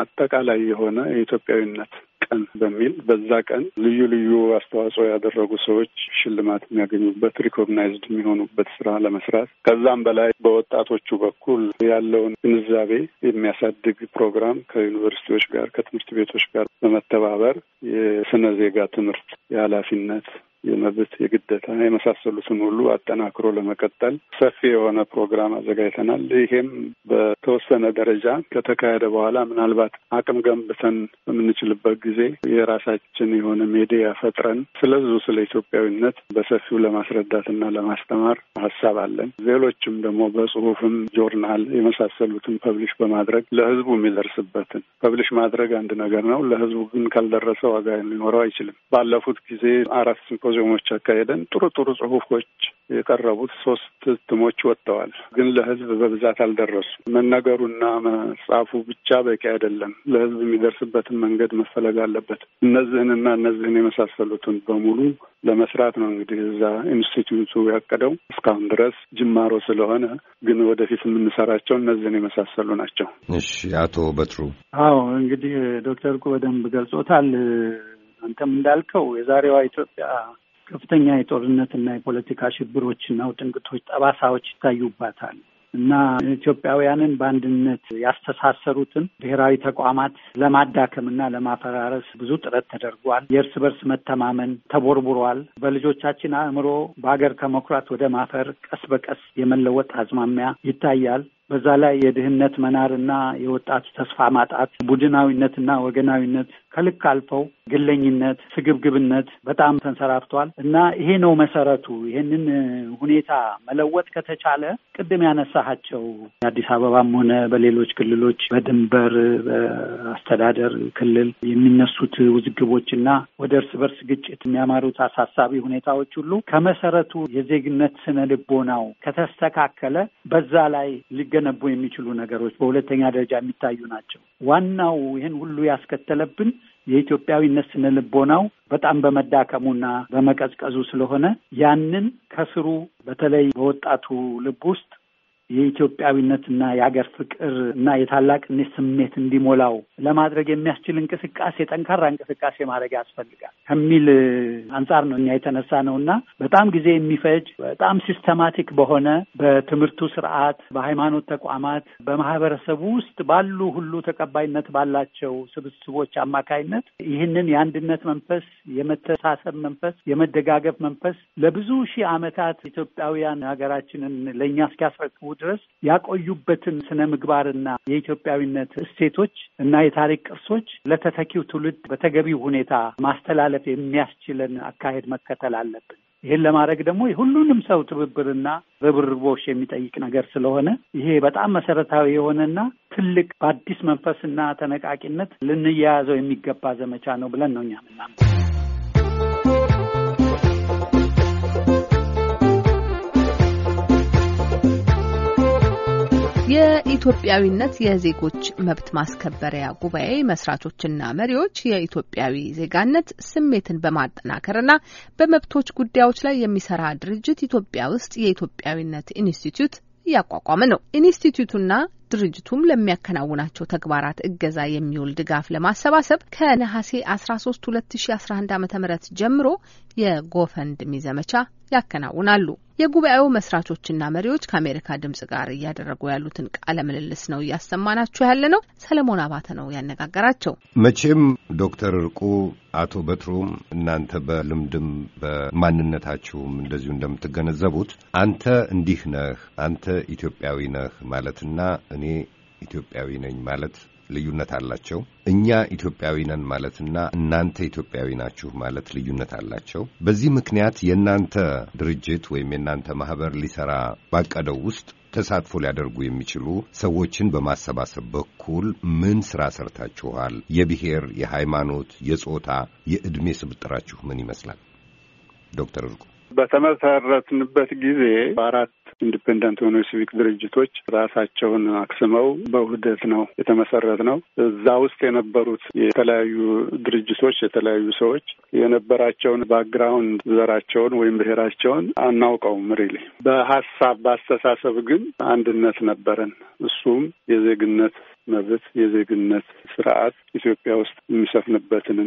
አጠቃላይ የሆነ የኢትዮጵያዊነት ቀን በሚል በዛ ቀን ልዩ ልዩ አስተዋጽኦ ያደረጉ ሰዎች ሽልማት የሚያገኙበት ሪኮግናይዝድ የሚሆኑበት ስራ ለመስራት ከዛም በላይ በወጣቶቹ በኩል ያለውን ግንዛቤ የሚያሳድግ ፕሮግራም ከዩኒቨርሲቲዎች ጋር ከትምህርት ቤቶች ጋር በመተባበር የስነ ዜጋ ትምህርት የኃላፊነት የመብት የግደታ የመሳሰሉትን ሁሉ አጠናክሮ ለመቀጠል ሰፊ የሆነ ፕሮግራም አዘጋጅተናል። ይሄም በተወሰነ ደረጃ ከተካሄደ በኋላ ምናልባት አቅም ገንብተን በምንችልበት ጊዜ የራሳችን የሆነ ሜዲያ ፈጥረን ስለዙ ስለ ኢትዮጵያዊነት በሰፊው ለማስረዳት እና ለማስተማር ሀሳብ አለን። ሌሎችም ደግሞ በጽሁፍም ጆርናል የመሳሰሉትን ፐብሊሽ በማድረግ ለህዝቡ የሚደርስበትን ፐብሊሽ ማድረግ አንድ ነገር ነው። ለህዝቡ ግን ካልደረሰ ዋጋ ሊኖረው አይችልም። ባለፉት ጊዜ አራት ሲምፖዚየሞች አካሄደን ጥሩ ጥሩ ጽሁፎች የቀረቡት ሶስት እትሞች ወጥተዋል። ግን ለህዝብ በብዛት አልደረሱ። መነገሩና መጻፉ ብቻ በቂ አይደለም። ለህዝብ የሚደርስበትን መንገድ መፈለግ አለበት። እነዚህንና እነዚህን የመሳሰሉትን በሙሉ ለመስራት ነው እንግዲህ እዛ ኢንስቲትዩቱ ያቀደው። እስካሁን ድረስ ጅማሮ ስለሆነ ግን ወደፊት የምንሰራቸው እነዚህን የመሳሰሉ ናቸው። እሺ፣ አቶ በትሩ። አዎ እንግዲህ ዶክተር ቁ በደንብ ገልጾታል። አንተም እንዳልከው የዛሬዋ ኢትዮጵያ ከፍተኛ የጦርነትና የፖለቲካ ሽብሮችና ውጥንቅቶች ጠባሳዎች ይታዩባታል እና ኢትዮጵያውያንን በአንድነት ያስተሳሰሩትን ብሔራዊ ተቋማት ለማዳከምና ለማፈራረስ ብዙ ጥረት ተደርጓል። የእርስ በርስ መተማመን ተቦርቡሯል። በልጆቻችን አእምሮ በሀገር ከመኩራት ወደ ማፈር ቀስ በቀስ የመለወጥ አዝማሚያ ይታያል። በዛ ላይ የድህነት መናርና የወጣቱ ተስፋ ማጣት፣ ቡድናዊነትና ወገናዊነት ከልክ አልፈው ግለኝነት፣ ስግብግብነት በጣም ተንሰራፍቷል እና ይሄ ነው መሰረቱ። ይሄንን ሁኔታ መለወጥ ከተቻለ ቅድም ያነሳሃቸው አዲስ አበባም ሆነ በሌሎች ክልሎች በድንበር በአስተዳደር ክልል የሚነሱት ውዝግቦች እና ወደ እርስ በርስ ግጭት የሚያማሩት አሳሳቢ ሁኔታዎች ሁሉ ከመሰረቱ የዜግነት ስነ ልቦናው ከተስተካከለ በዛ ላይ ሊገነቡ የሚችሉ ነገሮች በሁለተኛ ደረጃ የሚታዩ ናቸው። ዋናው ይህን ሁሉ ያስከተለብን የኢትዮጵያዊነት ስነ ልቦናው በጣም በመዳከሙና በመቀዝቀዙ ስለሆነ ያንን ከስሩ በተለይ በወጣቱ ልብ ውስጥ የኢትዮጵያዊነትና የሀገር ፍቅር እና የታላቅነት ስሜት እንዲሞላው ለማድረግ የሚያስችል እንቅስቃሴ ጠንካራ እንቅስቃሴ ማድረግ ያስፈልጋል ከሚል አንጻር ነው እኛ የተነሳ ነው እና በጣም ጊዜ የሚፈጅ በጣም ሲስተማቲክ በሆነ በትምህርቱ ስርዓት፣ በሃይማኖት ተቋማት፣ በማህበረሰቡ ውስጥ ባሉ ሁሉ ተቀባይነት ባላቸው ስብስቦች አማካይነት ይህንን የአንድነት መንፈስ፣ የመተሳሰብ መንፈስ፣ የመደጋገፍ መንፈስ ለብዙ ሺህ ዓመታት ኢትዮጵያውያን ሀገራችንን ለእኛ እስኪያስረክቡት ድረስ ያቆዩበትን ስነ ምግባርና የኢትዮጵያዊነት እሴቶች እና የታሪክ ቅርሶች ለተተኪው ትውልድ በተገቢው ሁኔታ ማስተላለፍ የሚያስችለን አካሄድ መከተል አለብን። ይህን ለማድረግ ደግሞ የሁሉንም ሰው ትብብርና ርብርቦሽ የሚጠይቅ ነገር ስለሆነ ይሄ በጣም መሰረታዊ የሆነና ትልቅ በአዲስ መንፈስና ተነቃቂነት ልንያያዘው የሚገባ ዘመቻ ነው ብለን ነው እኛ ምናምን የኢትዮጵያዊነት የዜጎች መብት ማስከበሪያ ጉባኤ መስራቾችና መሪዎች የኢትዮጵያዊ ዜጋነት ስሜትን በማጠናከርና በመብቶች ጉዳዮች ላይ የሚሰራ ድርጅት ኢትዮጵያ ውስጥ የኢትዮጵያዊነት ኢንስቲትዩት እያቋቋመ ነው። ኢንስቲትዩቱና ድርጅቱም ለሚያከናውናቸው ተግባራት እገዛ የሚውል ድጋፍ ለማሰባሰብ ከነሐሴ 13 2011 ዓ ም ጀምሮ የጎፈንድሚ ዘመቻ ያከናውናሉ። የጉባኤው መስራቾችና መሪዎች ከአሜሪካ ድምጽ ጋር እያደረጉ ያሉትን ቃለ ምልልስ ነው እያሰማናችሁ ያለ ነው። ሰለሞን አባተ ነው ያነጋገራቸው። መቼም ዶክተር እርቁ አቶ በትሩም እናንተ በልምድም በማንነታችሁም እንደዚሁ እንደምትገነዘቡት አንተ እንዲህ ነህ፣ አንተ ኢትዮጵያዊ ነህ ማለትና እኔ ኢትዮጵያዊ ነኝ ማለት ልዩነት አላቸው። እኛ ኢትዮጵያዊ ነን ማለትና እናንተ ኢትዮጵያዊ ናችሁ ማለት ልዩነት አላቸው። በዚህ ምክንያት የእናንተ ድርጅት ወይም የእናንተ ማህበር ሊሰራ ባቀደው ውስጥ ተሳትፎ ሊያደርጉ የሚችሉ ሰዎችን በማሰባሰብ በኩል ምን ስራ ሰርታችኋል? የብሔር፣ የሃይማኖት፣ የጾታ፣ የዕድሜ ስብጥራችሁ ምን ይመስላል? ዶክተር እርቁ በተመሰረትንበት ጊዜ በአራት ኢንዲፔንደንት የሆኑ የሲቪክ ድርጅቶች ራሳቸውን አክስመው በውህደት ነው የተመሰረት ነው። እዛ ውስጥ የነበሩት የተለያዩ ድርጅቶች የተለያዩ ሰዎች የነበራቸውን ባክግራውንድ ዘራቸውን ወይም ብሔራቸውን አናውቀውም። ሪሊ በሀሳብ በአስተሳሰብ ግን አንድነት ነበረን። እሱም የዜግነት መብት የዜግነት ስርዓት ኢትዮጵያ ውስጥ የሚሰፍንበትን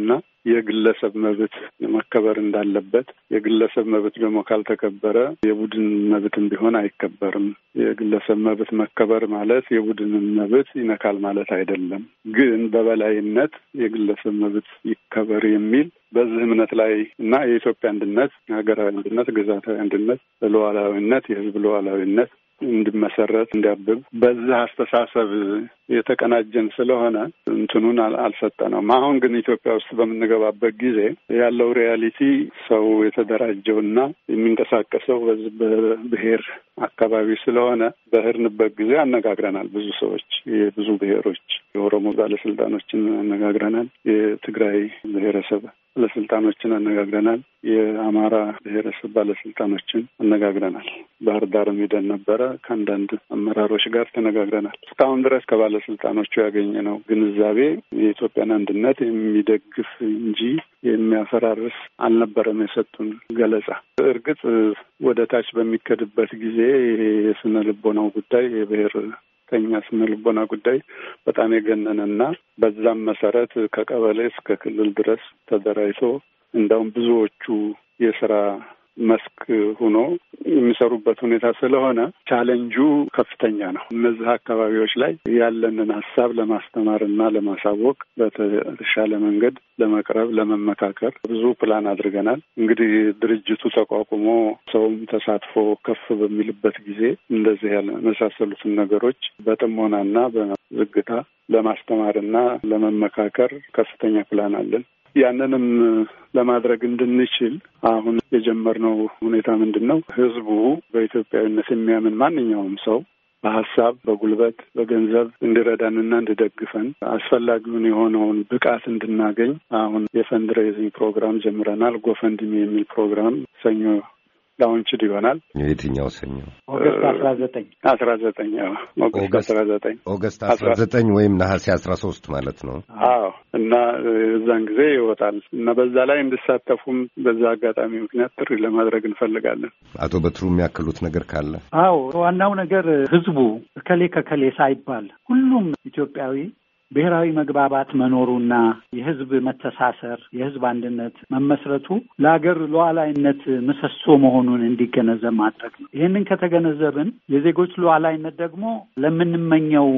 የግለሰብ መብት መከበር እንዳለበት፣ የግለሰብ መብት ደግሞ ካልተከበረ የቡድን መብትም ቢሆን አይከበርም። የግለሰብ መብት መከበር ማለት የቡድንን መብት ይነካል ማለት አይደለም። ግን በበላይነት የግለሰብ መብት ይከበር የሚል በዚህ እምነት ላይ እና የኢትዮጵያ አንድነት፣ ሀገራዊ አንድነት፣ ግዛታዊ አንድነት፣ ሉዓላዊነት፣ የህዝብ ሉዓላዊነት እንዲመሰረት እንዲያብብ በዛ አስተሳሰብ የተቀናጀን ስለሆነ እንትኑን አልሰጠነውም። አሁን ግን ኢትዮጵያ ውስጥ በምንገባበት ጊዜ ያለው ሪያሊቲ ሰው የተደራጀውና የሚንቀሳቀሰው በብሔር አካባቢ ስለሆነ በህርንበት ጊዜ አነጋግረናል። ብዙ ሰዎች የብዙ ብሄሮች የኦሮሞ ባለስልጣኖችን አነጋግረናል። የትግራይ ብሄረሰብ ባለስልጣኖችን አነጋግረናል። የአማራ ብሔረሰብ ባለስልጣኖችን አነጋግረናል። ባህር ዳርም ሄደን ነበረ። ከአንዳንድ አመራሮች ጋር ተነጋግረናል። እስካሁን ድረስ ከባለስልጣኖቹ ያገኘነው ግንዛቤ የኢትዮጵያን አንድነት የሚደግፍ እንጂ የሚያፈራርስ አልነበረም። የሰጡን ገለጻ እርግጥ ወደ ታች በሚከድበት ጊዜ ይሄ የስነ ልቦናው ጉዳይ የብሔር የስነ ልቦና ጉዳይ በጣም የገነነና በዛም መሰረት ከቀበሌ እስከ ክልል ድረስ ተደራጅቶ እንዳውም ብዙዎቹ የስራ መስክ ሆኖ የሚሰሩበት ሁኔታ ስለሆነ ቻለንጁ ከፍተኛ ነው። እነዚህ አካባቢዎች ላይ ያለንን ሀሳብ ለማስተማር እና ለማሳወቅ በተሻለ መንገድ ለመቅረብ፣ ለመመካከር ብዙ ፕላን አድርገናል። እንግዲህ ድርጅቱ ተቋቁሞ ሰውም ተሳትፎ ከፍ በሚልበት ጊዜ እንደዚህ ያመሳሰሉትን ነገሮች በጥሞናና በዝግታ ለማስተማርና ለመመካከር ከፍተኛ ፕላን አለን። ያንንም ለማድረግ እንድንችል አሁን የጀመርነው ሁኔታ ምንድን ነው? ህዝቡ በኢትዮጵያዊነት የሚያምን ማንኛውም ሰው በሀሳብ፣ በጉልበት፣ በገንዘብ እንዲረዳንና እንዲደግፈን አስፈላጊውን የሆነውን ብቃት እንድናገኝ አሁን የፈንድሬዚንግ ፕሮግራም ጀምረናል። ጎፈንድሚ የሚል ፕሮግራም ሰኞ ላውንችድ ይሆናል። የትኛው ሰኞ? ኦገስት አስራ ዘጠኝ አስራ ዘጠኝ ኦገስት አስራ ዘጠኝ ኦገስት አስራ ዘጠኝ ወይም ነሐሴ አስራ ሶስት ማለት ነው። አዎ እና እዛን ጊዜ ይወጣል እና በዛ ላይ እንድሳተፉም በዛ አጋጣሚ ምክንያት ጥሪ ለማድረግ እንፈልጋለን። አቶ በትሩ የሚያክሉት ነገር ካለ? አዎ ዋናው ነገር ህዝቡ ከሌ ከከሌ ሳይባል ሁሉም ኢትዮጵያዊ ብሔራዊ መግባባት መኖሩና የህዝብ መተሳሰር፣ የህዝብ አንድነት መመስረቱ ለሀገር ሉዓላዊነት ምሰሶ መሆኑን እንዲገነዘብ ማድረግ ነው። ይህንን ከተገነዘብን የዜጎች ሉዓላዊነት ደግሞ ለምንመኘው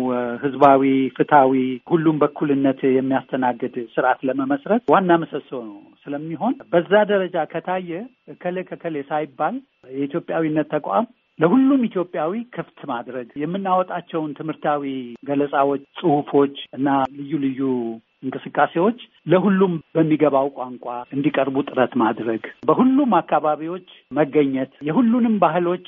ህዝባዊ፣ ፍትሐዊ፣ ሁሉም በኩልነት የሚያስተናግድ ስርዓት ለመመስረት ዋና ምሰሶ ነው ስለሚሆን በዛ ደረጃ ከታየ እከሌ ከከሌ ሳይባል የኢትዮጵያዊነት ተቋም ለሁሉም ኢትዮጵያዊ ክፍት ማድረግ የምናወጣቸውን ትምህርታዊ ገለጻዎች፣ ጽሁፎች እና ልዩ ልዩ እንቅስቃሴዎች ለሁሉም በሚገባው ቋንቋ እንዲቀርቡ ጥረት ማድረግ፣ በሁሉም አካባቢዎች መገኘት፣ የሁሉንም ባህሎች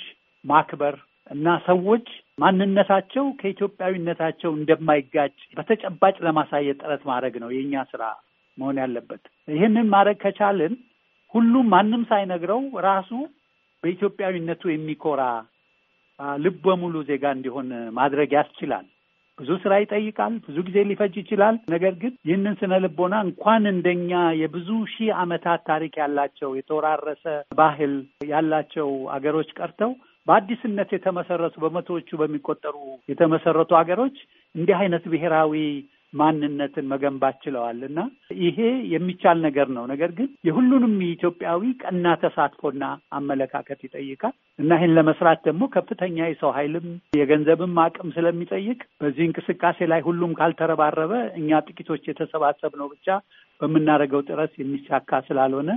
ማክበር እና ሰዎች ማንነታቸው ከኢትዮጵያዊነታቸው እንደማይጋጭ በተጨባጭ ለማሳየት ጥረት ማድረግ ነው የእኛ ስራ መሆን ያለበት። ይህንን ማድረግ ከቻልን ሁሉም ማንም ሳይነግረው ራሱ በኢትዮጵያዊነቱ የሚኮራ ልብ በሙሉ ዜጋ እንዲሆን ማድረግ ያስችላል። ብዙ ስራ ይጠይቃል። ብዙ ጊዜ ሊፈጅ ይችላል። ነገር ግን ይህንን ስነ ልቦና እንኳን እንደኛ የብዙ ሺህ ዓመታት ታሪክ ያላቸው የተወራረሰ ባህል ያላቸው አገሮች ቀርተው በአዲስነት የተመሰረቱ በመቶዎቹ በሚቆጠሩ የተመሰረቱ አገሮች እንዲህ አይነት ብሔራዊ ማንነትን መገንባት ችለዋል እና ይሄ የሚቻል ነገር ነው። ነገር ግን የሁሉንም የኢትዮጵያዊ ቀና ተሳትፎና አመለካከት ይጠይቃል እና ይህን ለመስራት ደግሞ ከፍተኛ የሰው ኃይልም የገንዘብም አቅም ስለሚጠይቅ በዚህ እንቅስቃሴ ላይ ሁሉም ካልተረባረበ እኛ ጥቂቶች የተሰባሰብነው ብቻ በምናደርገው ጥረት የሚሳካ ስላልሆነ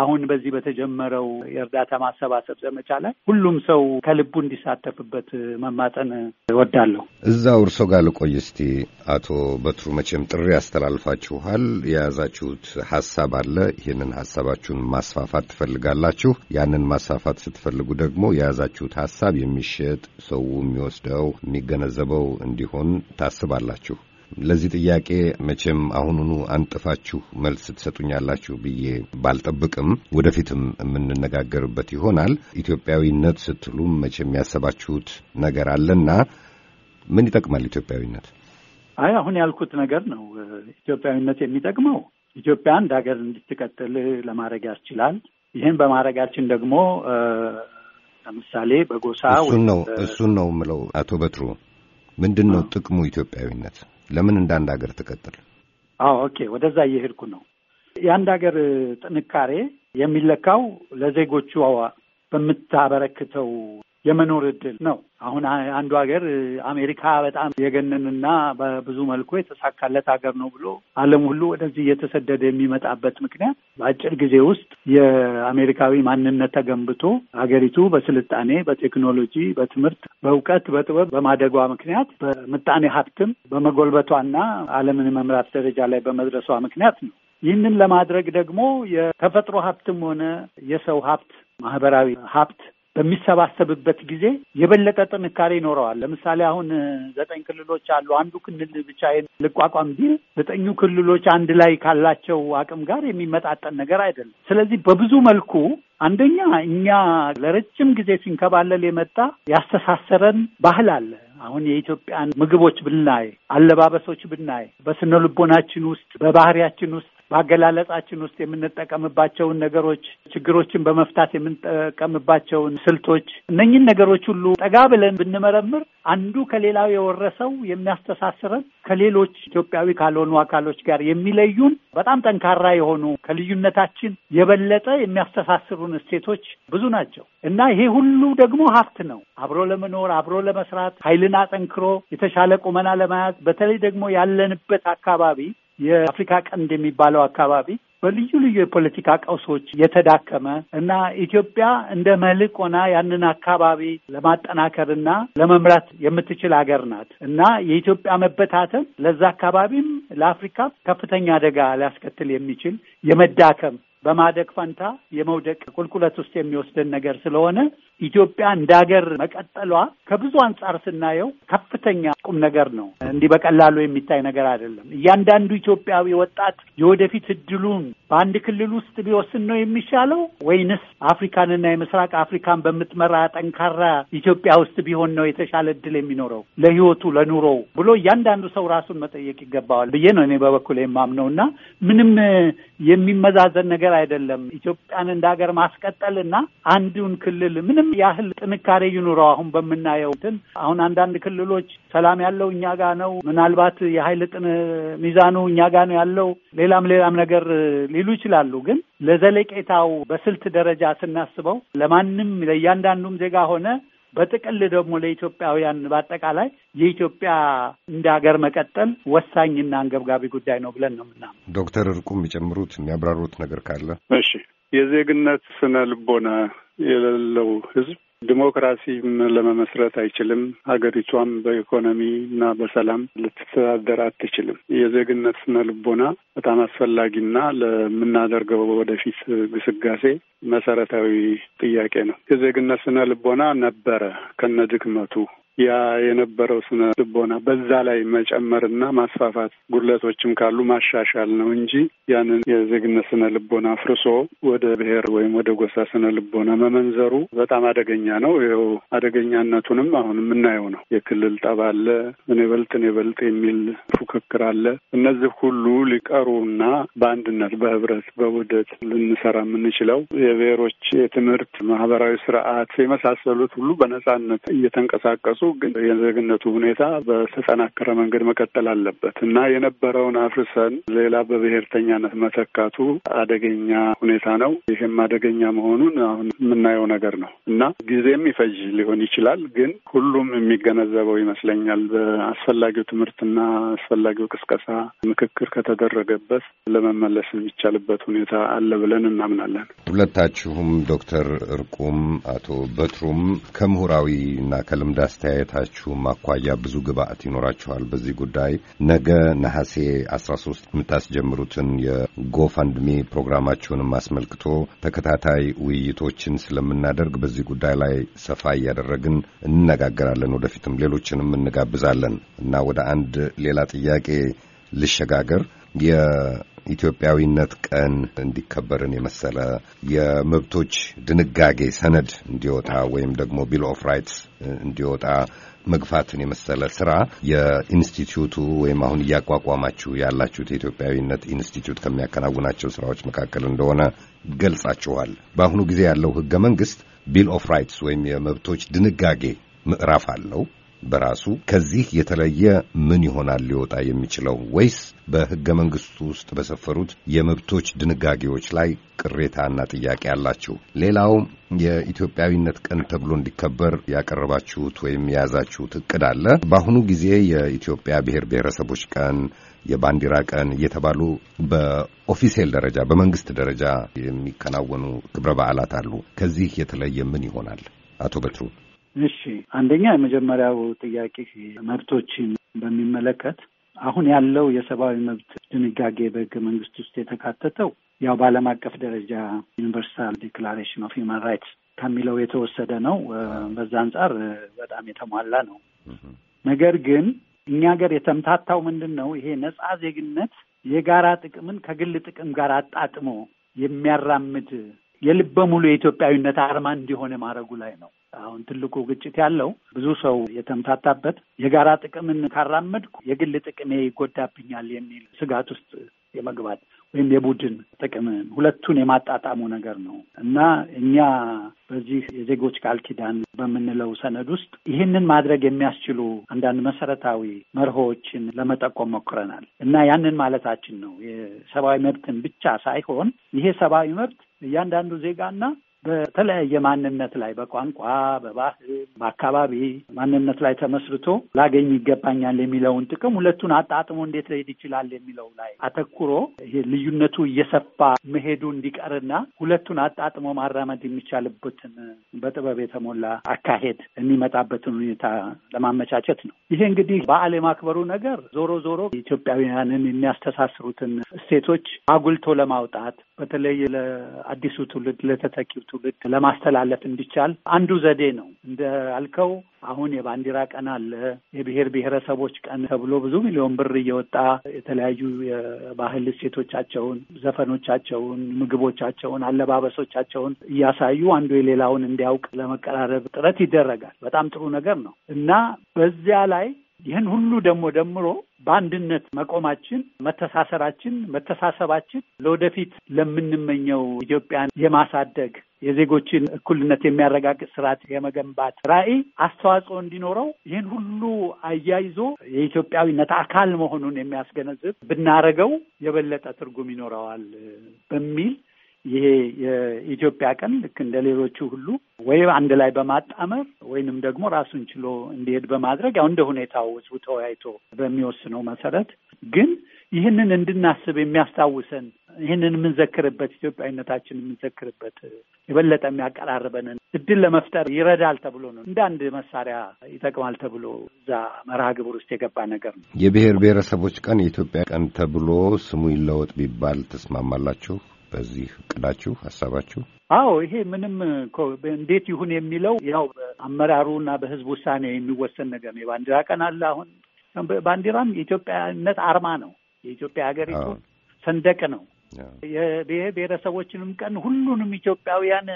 አሁን በዚህ በተጀመረው የእርዳታ ማሰባሰብ ዘመቻ ላይ ሁሉም ሰው ከልቡ እንዲሳተፍበት መማጠን እወዳለሁ። እዛው እርሶ ጋር ልቆይ እስቲ። አቶ በትሩ መቼም ጥሪ ያስተላልፋችኋል። የያዛችሁት ሀሳብ አለ። ይህንን ሀሳባችሁን ማስፋፋት ትፈልጋላችሁ። ያንን ማስፋፋት ስትፈልጉ ደግሞ የያዛችሁት ሀሳብ የሚሸጥ ሰው የሚወስደው የሚገነዘበው እንዲሆን ታስባላችሁ። ለዚህ ጥያቄ መቼም አሁኑኑ አንጥፋችሁ መልስ ትሰጡኛላችሁ ብዬ ባልጠብቅም ወደፊትም የምንነጋገርበት ይሆናል። ኢትዮጵያዊነት ስትሉም መቼም ያሰባችሁት ነገር አለና ምን ይጠቅማል ኢትዮጵያዊነት? አይ አሁን ያልኩት ነገር ነው። ኢትዮጵያዊነት የሚጠቅመው ኢትዮጵያ አንድ ሀገር እንድትቀጥል ለማድረግ ያስችላል። ይህን በማድረጋችን ደግሞ ለምሳሌ በጎሳ እሱን ነው እሱን ነው የምለው አቶ በትሩ ምንድን ነው ጥቅሙ ኢትዮጵያዊነት? ለምን እንደ አንድ ሀገር ትቀጥል? አዎ ኦኬ፣ ወደዛ እየሄድኩ ነው። የአንድ ሀገር ጥንካሬ የሚለካው ለዜጎቹ በምታበረክተው የመኖር እድል ነው። አሁን አንዱ ሀገር አሜሪካ በጣም የገነንና በብዙ መልኩ የተሳካለት ሀገር ነው ብሎ ዓለም ሁሉ ወደዚህ እየተሰደደ የሚመጣበት ምክንያት በአጭር ጊዜ ውስጥ የአሜሪካዊ ማንነት ተገንብቶ ሀገሪቱ በስልጣኔ፣ በቴክኖሎጂ፣ በትምህርት፣ በእውቀት፣ በጥበብ በማደጓ ምክንያት በምጣኔ ሀብትም በመጎልበቷና ዓለምን መምራት ደረጃ ላይ በመድረሷ ምክንያት ነው። ይህንን ለማድረግ ደግሞ የተፈጥሮ ሀብትም ሆነ የሰው ሀብት ማህበራዊ ሀብት በሚሰባሰብበት ጊዜ የበለጠ ጥንካሬ ይኖረዋል። ለምሳሌ አሁን ዘጠኝ ክልሎች አሉ። አንዱ ክልል ብቻዬን ልቋቋም ቢል ዘጠኙ ክልሎች አንድ ላይ ካላቸው አቅም ጋር የሚመጣጠን ነገር አይደለም። ስለዚህ በብዙ መልኩ አንደኛ እኛ ለረጅም ጊዜ ሲንከባለል የመጣ ያስተሳሰረን ባህል አለ። አሁን የኢትዮጵያን ምግቦች ብናይ፣ አለባበሶች ብናይ፣ በስነ ልቦናችን ውስጥ በባህሪያችን ውስጥ በአገላለጻችን ውስጥ የምንጠቀምባቸውን ነገሮች፣ ችግሮችን በመፍታት የምንጠቀምባቸውን ስልቶች፣ እነኝን ነገሮች ሁሉ ጠጋ ብለን ብንመረምር አንዱ ከሌላው የወረሰው የሚያስተሳስረን ከሌሎች ኢትዮጵያዊ ካልሆኑ አካሎች ጋር የሚለዩን በጣም ጠንካራ የሆኑ ከልዩነታችን የበለጠ የሚያስተሳስሩን እሴቶች ብዙ ናቸው እና ይሄ ሁሉ ደግሞ ሀብት ነው። አብሮ ለመኖር አብሮ ለመስራት ኃይልን አጠንክሮ የተሻለ ቁመና ለመያዝ በተለይ ደግሞ ያለንበት አካባቢ የአፍሪካ ቀንድ የሚባለው አካባቢ በልዩ ልዩ የፖለቲካ ቀውሶች የተዳከመ እና ኢትዮጵያ እንደ መልሕቅ ሆና ያንን አካባቢ ለማጠናከርና ለመምራት የምትችል ሀገር ናት እና የኢትዮጵያ መበታተን ለዛ አካባቢም ለአፍሪካ ከፍተኛ አደጋ ሊያስከትል የሚችል የመዳከም በማደግ ፈንታ የመውደቅ ቁልቁለት ውስጥ የሚወስደን ነገር ስለሆነ ኢትዮጵያ እንደ ሀገር መቀጠሏ ከብዙ አንጻር ስናየው ከፍተኛ ቁም ነገር ነው። እንዲህ በቀላሉ የሚታይ ነገር አይደለም። እያንዳንዱ ኢትዮጵያዊ ወጣት የወደፊት እድሉን በአንድ ክልል ውስጥ ቢወስን ነው የሚሻለው ወይንስ አፍሪካንና የምስራቅ አፍሪካን በምትመራ ጠንካራ ኢትዮጵያ ውስጥ ቢሆን ነው የተሻለ እድል የሚኖረው ለህይወቱ፣ ለኑሮው ብሎ እያንዳንዱ ሰው ራሱን መጠየቅ ይገባዋል ብዬ ነው እኔ በበኩል የማምነው እና ምንም የሚመዛዘን ነገር አይደለም ኢትዮጵያን እንደ ሀገር ማስቀጠልና አንዱን ክልል ምንም ያህል ጥንካሬ ይኑረው። አሁን በምናየው እንትን አሁን አንዳንድ ክልሎች ሰላም ያለው እኛ ጋ ነው፣ ምናልባት የሀይል ጥን ሚዛኑ እኛ ጋ ነው ያለው፣ ሌላም ሌላም ነገር ሊሉ ይችላሉ። ግን ለዘለቄታው በስልት ደረጃ ስናስበው ለማንም ለእያንዳንዱም ዜጋ ሆነ በጥቅል ደግሞ ለኢትዮጵያውያን በአጠቃላይ የኢትዮጵያ እንደ ሀገር መቀጠል ወሳኝና አንገብጋቢ ጉዳይ ነው ብለን ነው ምናምን። ዶክተር እርቁ የሚጨምሩት የሚያብራሩት ነገር ካለ? እሺ የዜግነት ስነ ልቦና የሌለው ህዝብ ዲሞክራሲም ለመመስረት አይችልም። ሀገሪቷም በኢኮኖሚ እና በሰላም ልትተዳደር አትችልም። የዜግነት ስነ ልቦና በጣም አስፈላጊና ለምናደርገው ወደፊት ግስጋሴ መሰረታዊ ጥያቄ ነው። የዜግነት ስነ ልቦና ነበረ ከነ ድክመቱ ያ የነበረው ስነ ልቦና በዛ ላይ መጨመርና ማስፋፋት ጉድለቶችም ካሉ ማሻሻል ነው እንጂ ያንን የዜግነት ስነ ልቦና ፍርሶ ወደ ብሔር ወይም ወደ ጎሳ ስነ ልቦና መመንዘሩ በጣም አደገኛ ነው። ይኸው አደገኛነቱንም አሁን የምናየው ነው። የክልል ጠብ አለ፣ እኔ በልጥ እኔ በልጥ የሚል ፉክክር አለ። እነዚህ ሁሉ ሊቀሩና በአንድነት በህብረት በውህደት ልንሰራ የምንችለው የብሔሮች የትምህርት ማህበራዊ ስርዓት የመሳሰሉት ሁሉ በነጻነት እየተንቀሳቀሱ ራሱ የዜግነቱ ሁኔታ በተጠናከረ መንገድ መቀጠል አለበት እና የነበረውን አፍርሰን ሌላ በብሔርተኛነት መተካቱ አደገኛ ሁኔታ ነው። ይህም አደገኛ መሆኑን አሁን የምናየው ነገር ነው እና ጊዜም ይፈጅ ሊሆን ይችላል፣ ግን ሁሉም የሚገነዘበው ይመስለኛል። በአስፈላጊው ትምህርትና አስፈላጊው ቅስቀሳ ምክክር ከተደረገበት ለመመለስ የሚቻልበት ሁኔታ አለ ብለን እናምናለን። ሁለታችሁም ዶክተር እርቁም አቶ በትሩም ከምሁራዊ እና ከልምድ አስተያ አስተያየታችሁ አኳያ ብዙ ግብአት ይኖራችኋል። በዚህ ጉዳይ ነገ ነሐሴ አስራ ሶስት የምታስጀምሩትን የጎፋንድሜ ፕሮግራማችሁንም አስመልክቶ ተከታታይ ውይይቶችን ስለምናደርግ በዚህ ጉዳይ ላይ ሰፋ እያደረግን እንነጋገራለን። ወደፊትም ሌሎችንም እንጋብዛለን እና ወደ አንድ ሌላ ጥያቄ ልሸጋገር። ኢትዮጵያዊነት ቀን እንዲከበርን የመሰለ የመብቶች ድንጋጌ ሰነድ እንዲወጣ ወይም ደግሞ ቢል ኦፍ ራይትስ እንዲወጣ መግፋትን የመሰለ ስራ የኢንስቲትዩቱ ወይም አሁን እያቋቋማችሁ ያላችሁት የኢትዮጵያዊነት ኢንስቲትዩት ከሚያከናውናቸው ስራዎች መካከል እንደሆነ ገልጻችኋል። በአሁኑ ጊዜ ያለው ህገ መንግስት ቢል ኦፍ ራይትስ ወይም የመብቶች ድንጋጌ ምዕራፍ አለው። በራሱ ከዚህ የተለየ ምን ይሆናል ሊወጣ የሚችለው? ወይስ በሕገ መንግሥቱ ውስጥ በሰፈሩት የመብቶች ድንጋጌዎች ላይ ቅሬታና ጥያቄ አላችሁ? ሌላው የኢትዮጵያዊነት ቀን ተብሎ እንዲከበር ያቀረባችሁት ወይም የያዛችሁት እቅድ አለ? በአሁኑ ጊዜ የኢትዮጵያ ብሔር ብሔረሰቦች ቀን የባንዲራ ቀን እየተባሉ በኦፊሴል ደረጃ በመንግስት ደረጃ የሚከናወኑ ክብረ በዓላት አሉ። ከዚህ የተለየ ምን ይሆናል? አቶ በትሩ እሺ፣ አንደኛ የመጀመሪያው ጥያቄ መብቶችን በሚመለከት አሁን ያለው የሰብአዊ መብት ድንጋጌ በህገ መንግስት ውስጥ የተካተተው ያው በዓለም አቀፍ ደረጃ ዩኒቨርሳል ዲክላሬሽን ኦፍ ሂውማን ራይትስ ከሚለው የተወሰደ ነው። በዛ አንጻር በጣም የተሟላ ነው። ነገር ግን እኛ ሀገር የተምታታው ምንድን ነው? ይሄ ነጻ ዜግነት የጋራ ጥቅምን ከግል ጥቅም ጋር አጣጥሞ የሚያራምድ የልበ ሙሉ የኢትዮጵያዊነት አርማ እንዲሆነ ማድረጉ ላይ ነው። አሁን ትልቁ ግጭት ያለው ብዙ ሰው የተምታታበት የጋራ ጥቅምን ካራመድኩ የግል ጥቅሜ ይጎዳብኛል የሚል ስጋት ውስጥ የመግባት ወይም የቡድን ጥቅምን ሁለቱን የማጣጣሙ ነገር ነው እና እኛ በዚህ የዜጎች ቃል ኪዳን በምንለው ሰነድ ውስጥ ይህንን ማድረግ የሚያስችሉ አንዳንድ መሰረታዊ መርሆዎችን ለመጠቆም ሞክረናል እና ያንን ማለታችን ነው። የሰብአዊ መብትን ብቻ ሳይሆን ይሄ ሰብአዊ መብት እያንዳንዱ ዜጋና በተለያየ ማንነት ላይ በቋንቋ፣ በባህል፣ በአካባቢ ማንነት ላይ ተመስርቶ ላገኝ ይገባኛል የሚለውን ጥቅም ሁለቱን አጣጥሞ እንዴት ሊሄድ ይችላል የሚለው ላይ አተኩሮ ይሄ ልዩነቱ እየሰፋ መሄዱ እንዲቀርና ሁለቱን አጣጥሞ ማራመድ የሚቻልበትን በጥበብ የተሞላ አካሄድ የሚመጣበትን ሁኔታ ለማመቻቸት ነው። ይሄ እንግዲህ በዓል የማክበሩ ነገር ዞሮ ዞሮ ኢትዮጵያውያንን የሚያስተሳስሩትን እሴቶች አጉልቶ ለማውጣት በተለይ ለአዲሱ ትውልድ ለተተኪው ትውልድ ለማስተላለፍ እንዲቻል አንዱ ዘዴ ነው። እንደ አልከው አሁን የባንዲራ ቀን አለ፣ የብሔር ብሔረሰቦች ቀን ተብሎ ብዙ ሚሊዮን ብር እየወጣ የተለያዩ የባህል እሴቶቻቸውን፣ ዘፈኖቻቸውን፣ ምግቦቻቸውን፣ አለባበሶቻቸውን እያሳዩ አንዱ የሌላውን እንዲያውቅ ለመቀራረብ ጥረት ይደረጋል። በጣም ጥሩ ነገር ነው እና በዚያ ላይ ይህን ሁሉ ደግሞ ደምሮ በአንድነት መቆማችን መተሳሰራችን፣ መተሳሰባችን ለወደፊት ለምንመኘው ኢትዮጵያን የማሳደግ የዜጎችን እኩልነት የሚያረጋግጥ ስርዓት የመገንባት ራዕይ አስተዋጽኦ እንዲኖረው ይህን ሁሉ አያይዞ የኢትዮጵያዊነት አካል መሆኑን የሚያስገነዝብ ብናረገው የበለጠ ትርጉም ይኖረዋል በሚል ይሄ የኢትዮጵያ ቀን ልክ እንደ ሌሎቹ ሁሉ ወይ አንድ ላይ በማጣመር ወይንም ደግሞ ራሱን ችሎ እንዲሄድ በማድረግ ያው እንደ ሁኔታው ህዝቡ ተወያይቶ በሚወስነው መሰረት ግን ይህንን እንድናስብ የሚያስታውሰን ይህንን የምንዘክርበት ኢትዮጵያዊነታችን የምንዘክርበት የበለጠ የሚያቀራርበንን እድል ለመፍጠር ይረዳል ተብሎ ነው እንደ አንድ መሳሪያ ይጠቅማል ተብሎ እዛ መርሃ ግብር ውስጥ የገባ ነገር ነው። የብሔር ብሔረሰቦች ቀን የኢትዮጵያ ቀን ተብሎ ስሙ ይለወጥ ቢባል ተስማማላችሁ? በዚህ እቅዳችሁ ሀሳባችሁ? አዎ ይሄ ምንም እንዴት ይሁን የሚለው ያው አመራሩ እና በህዝብ ውሳኔ የሚወሰን ነገር ነው። የባንዲራ ቀን አለ አሁን ባንዲራም የኢትዮጵያነት አርማ ነው። የኢትዮጵያ ሀገሪቱ ሰንደቅ ነው የብሔር ብሔረሰቦችንም ቀን ሁሉንም ኢትዮጵያውያን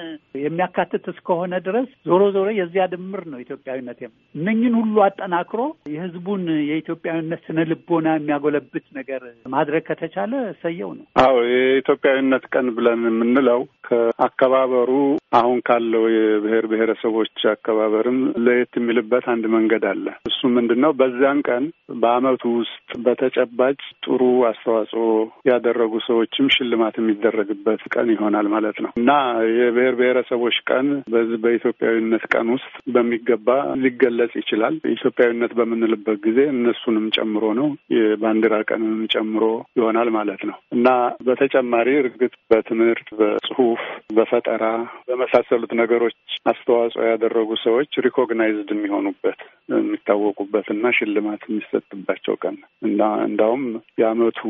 የሚያካትት እስከሆነ ድረስ ዞሮ ዞሮ የዚያ ድምር ነው ኢትዮጵያዊነት። እነኝን ሁሉ አጠናክሮ የህዝቡን የኢትዮጵያዊነት ስነ ልቦና የሚያጎለብት ነገር ማድረግ ከተቻለ ሰየው ነው። አዎ የኢትዮጵያዊነት ቀን ብለን የምንለው ከአከባበሩ አሁን ካለው የብሔር ብሔረሰቦች አከባበርም ለየት የሚልበት አንድ መንገድ አለ። እሱ ምንድን ነው? በዚያን ቀን በአመቱ ውስጥ በተጨባጭ ጥሩ አስተዋጽኦ ያደረጉ ሰዎችም ሌሎችም ሽልማት የሚደረግበት ቀን ይሆናል ማለት ነው እና የብሔር ብሔረሰቦች ቀን በዚህ በኢትዮጵያዊነት ቀን ውስጥ በሚገባ ሊገለጽ ይችላል። ኢትዮጵያዊነት በምንልበት ጊዜ እነሱንም ጨምሮ ነው፣ የባንዲራ ቀንንም ጨምሮ ይሆናል ማለት ነው እና በተጨማሪ እርግጥ በትምህርት፣ በጽሁፍ፣ በፈጠራ በመሳሰሉት ነገሮች አስተዋጽኦ ያደረጉ ሰዎች ሪኮግናይዝድ የሚሆኑበት የሚታወቁበት እና ሽልማት የሚሰጥባቸው ቀን እና እንዳውም የአመቱ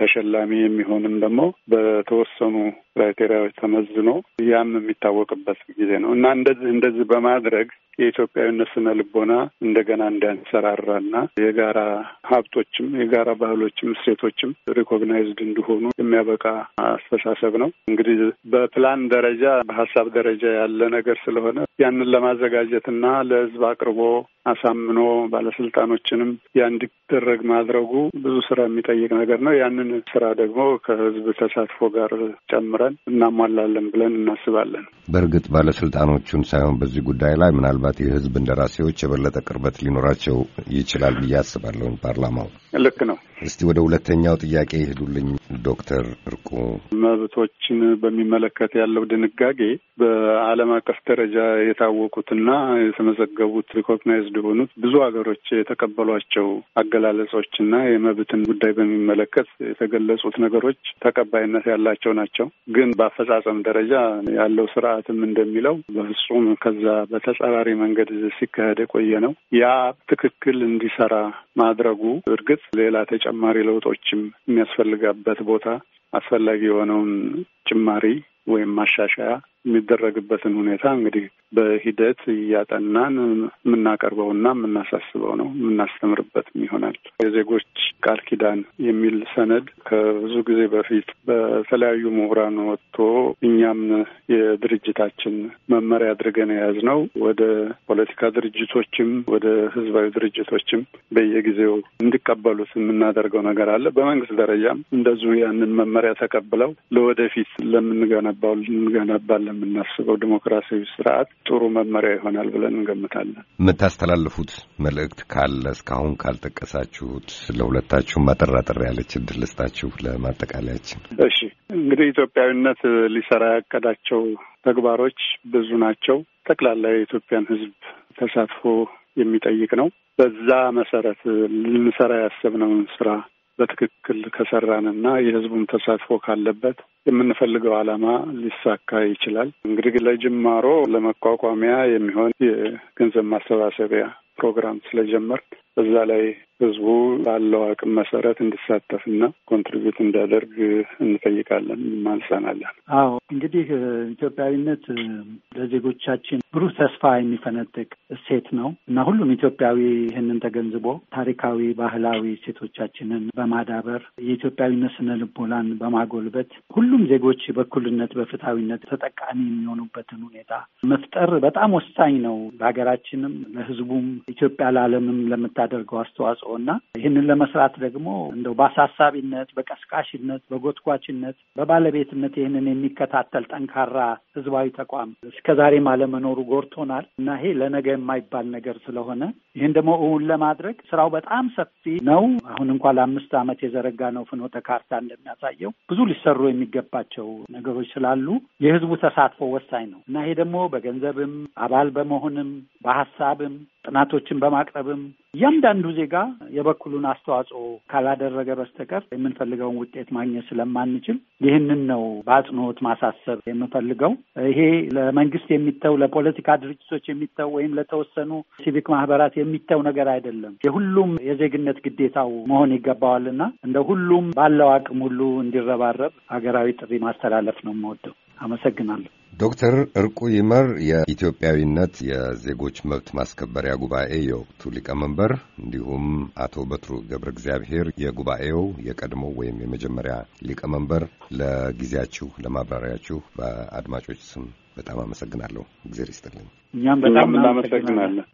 ተሸላሚ የሚሆንም ደግሞ ነው። በተወሰኑ ክራይቴሪያዎች ተመዝኖ ያም የሚታወቅበት ጊዜ ነው እና እንደዚህ እንደዚህ በማድረግ የኢትዮጵያዊነት ስነ ልቦና እንደገና እንዲያንሰራራና የጋራ ሀብቶችም የጋራ ባህሎችም እሴቶችም ሪኮግናይዝድ እንዲሆኑ የሚያበቃ አስተሳሰብ ነው። እንግዲህ በፕላን ደረጃ በሀሳብ ደረጃ ያለ ነገር ስለሆነ ያንን ለማዘጋጀትና ለህዝብ አቅርቦ አሳምኖ ባለስልጣኖችንም ያ እንዲደረግ ማድረጉ ብዙ ስራ የሚጠይቅ ነገር ነው። ያንን ስራ ደግሞ ከህዝብ ተሳትፎ ጋር ጨምረን እናሟላለን ብለን እናስባለን። በእርግጥ ባለስልጣኖቹን ሳይሆን በዚህ ጉዳይ ላይ ምናልባት የህዝብ እንደራሴዎች የበለጠ ቅርበት ሊኖራቸው ይችላል ብዬ አስባለሁ። ፓርላማው ልክ ነው። እስቲ ወደ ሁለተኛው ጥያቄ ይሄዱልኝ ዶክተር እርቁ መብቶችን በሚመለከት ያለው ድንጋጌ በዓለም አቀፍ ደረጃ የታወቁትና የተመዘገቡት ሪኮግናይዝ ህዝብ የሆኑት ብዙ ሀገሮች የተቀበሏቸው አገላለጾችና የመብትን ጉዳይ በሚመለከት የተገለጹት ነገሮች ተቀባይነት ያላቸው ናቸው። ግን በአፈጻጸም ደረጃ ያለው ስርዓትም እንደሚለው በፍጹም ከዛ በተጸራሪ መንገድ ሲካሄድ የቆየ ነው። ያ ትክክል እንዲሰራ ማድረጉ እርግጥ ሌላ ተጨማሪ ለውጦችም የሚያስፈልጋበት ቦታ አስፈላጊ የሆነውን ጭማሪ ወይም ማሻሻያ የሚደረግበትን ሁኔታ እንግዲህ በሂደት እያጠናን የምናቀርበውና የምናሳስበው ነው፣ የምናስተምርበትም ይሆናል። የዜጎች ቃል ኪዳን የሚል ሰነድ ከብዙ ጊዜ በፊት በተለያዩ ምሁራን ወጥቶ እኛም የድርጅታችን መመሪያ አድርገን የያዝነው ወደ ፖለቲካ ድርጅቶችም ወደ ህዝባዊ ድርጅቶችም በየጊዜው እንዲቀበሉት የምናደርገው ነገር አለ። በመንግስት ደረጃም እንደዚሁ ያንን መመሪያ መጀመሪያ ተቀብለው ለወደፊት ለምንገነባው ልንገነባ ለምናስበው ዲሞክራሲያዊ ስርዓት ጥሩ መመሪያ ይሆናል ብለን እንገምታለን። የምታስተላልፉት መልእክት ካለ እስካሁን ካልጠቀሳችሁት ለሁለታችሁ ማጠራጠር ያለች እድል ልስጣችሁ ለማጠቃለያችን። እሺ እንግዲህ ኢትዮጵያዊነት ሊሰራ ያቀዳቸው ተግባሮች ብዙ ናቸው። ጠቅላላ የኢትዮጵያን ህዝብ ተሳትፎ የሚጠይቅ ነው። በዛ መሰረት ልንሰራ ያሰብነውን ስራ በትክክል ከሰራንና የህዝቡን ተሳትፎ ካለበት የምንፈልገው ዓላማ ሊሳካ ይችላል። እንግዲህ ለጅማሮ ለመቋቋሚያ የሚሆን የገንዘብ ማሰባሰቢያ ፕሮግራም ስለጀመር እዛ ላይ ህዝቡ ባለው አቅም መሰረት እንዲሳተፍና ኮንትሪቢዩት እንዲያደርግ እንጠይቃለን፣ እናንሰናለን። አዎ እንግዲህ ኢትዮጵያዊነት ለዜጎቻችን ብሩህ ተስፋ የሚፈነጥቅ እሴት ነው እና ሁሉም ኢትዮጵያዊ ይህንን ተገንዝቦ ታሪካዊ፣ ባህላዊ እሴቶቻችንን በማዳበር የኢትዮጵያዊነት ስነ ልቦናን በማጎልበት ሁሉም ዜጎች በእኩልነት በፍትሐዊነት ተጠቃሚ የሚሆኑበትን ሁኔታ መፍጠር በጣም ወሳኝ ነው። ለሀገራችንም፣ ለህዝቡም ኢትዮጵያ ለዓለምም ለምታደርገው አስተዋጽኦ አስተዋጽኦ እና ይህንን ለመስራት ደግሞ እንደው በአሳሳቢነት፣ በቀስቃሽነት፣ በጎትጓችነት፣ በባለቤትነት ይህንን የሚከታተል ጠንካራ ህዝባዊ ተቋም እስከ ዛሬ አለመኖሩ ጎርቶናል እና ይሄ ለነገ የማይባል ነገር ስለሆነ ይህን ደግሞ እውን ለማድረግ ስራው በጣም ሰፊ ነው። አሁን እንኳ ለአምስት ዓመት የዘረጋ ነው ፍኖተ ካርታ እንደሚያሳየው ብዙ ሊሰሩ የሚገባቸው ነገሮች ስላሉ የህዝቡ ተሳትፎ ወሳኝ ነው እና ይሄ ደግሞ በገንዘብም አባል በመሆንም በሀሳብም ጥናቶችን በማቅረብም እያንዳንዱ ዜጋ የበኩሉን አስተዋጽኦ ካላደረገ በስተቀር የምንፈልገውን ውጤት ማግኘት ስለማንችል ይህንን ነው በአጽንኦት ማሳሰብ የምፈልገው። ይሄ ለመንግስት የሚተው ለፖለቲካ ድርጅቶች የሚተው ወይም ለተወሰኑ ሲቪክ ማህበራት የሚተው ነገር አይደለም። የሁሉም የዜግነት ግዴታው መሆን ይገባዋልና እንደ ሁሉም ባለው አቅም ሁሉ እንዲረባረብ ሀገራዊ ጥሪ ማስተላለፍ ነው የምወደው። አመሰግናለሁ። ዶክተር እርቁ ይመር የኢትዮጵያዊነት የዜጎች መብት ማስከበሪያ ጉባኤ የወቅቱ ሊቀመንበር እንዲሁም አቶ በትሩ ገብረ እግዚአብሔር የጉባኤው የቀድሞ ወይም የመጀመሪያ ሊቀመንበር፣ ለጊዜያችሁ ለማብራሪያችሁ በአድማጮች ስም በጣም አመሰግናለሁ። እግዜር ይስጥልኝ። እኛም በጣም እናመሰግናለን።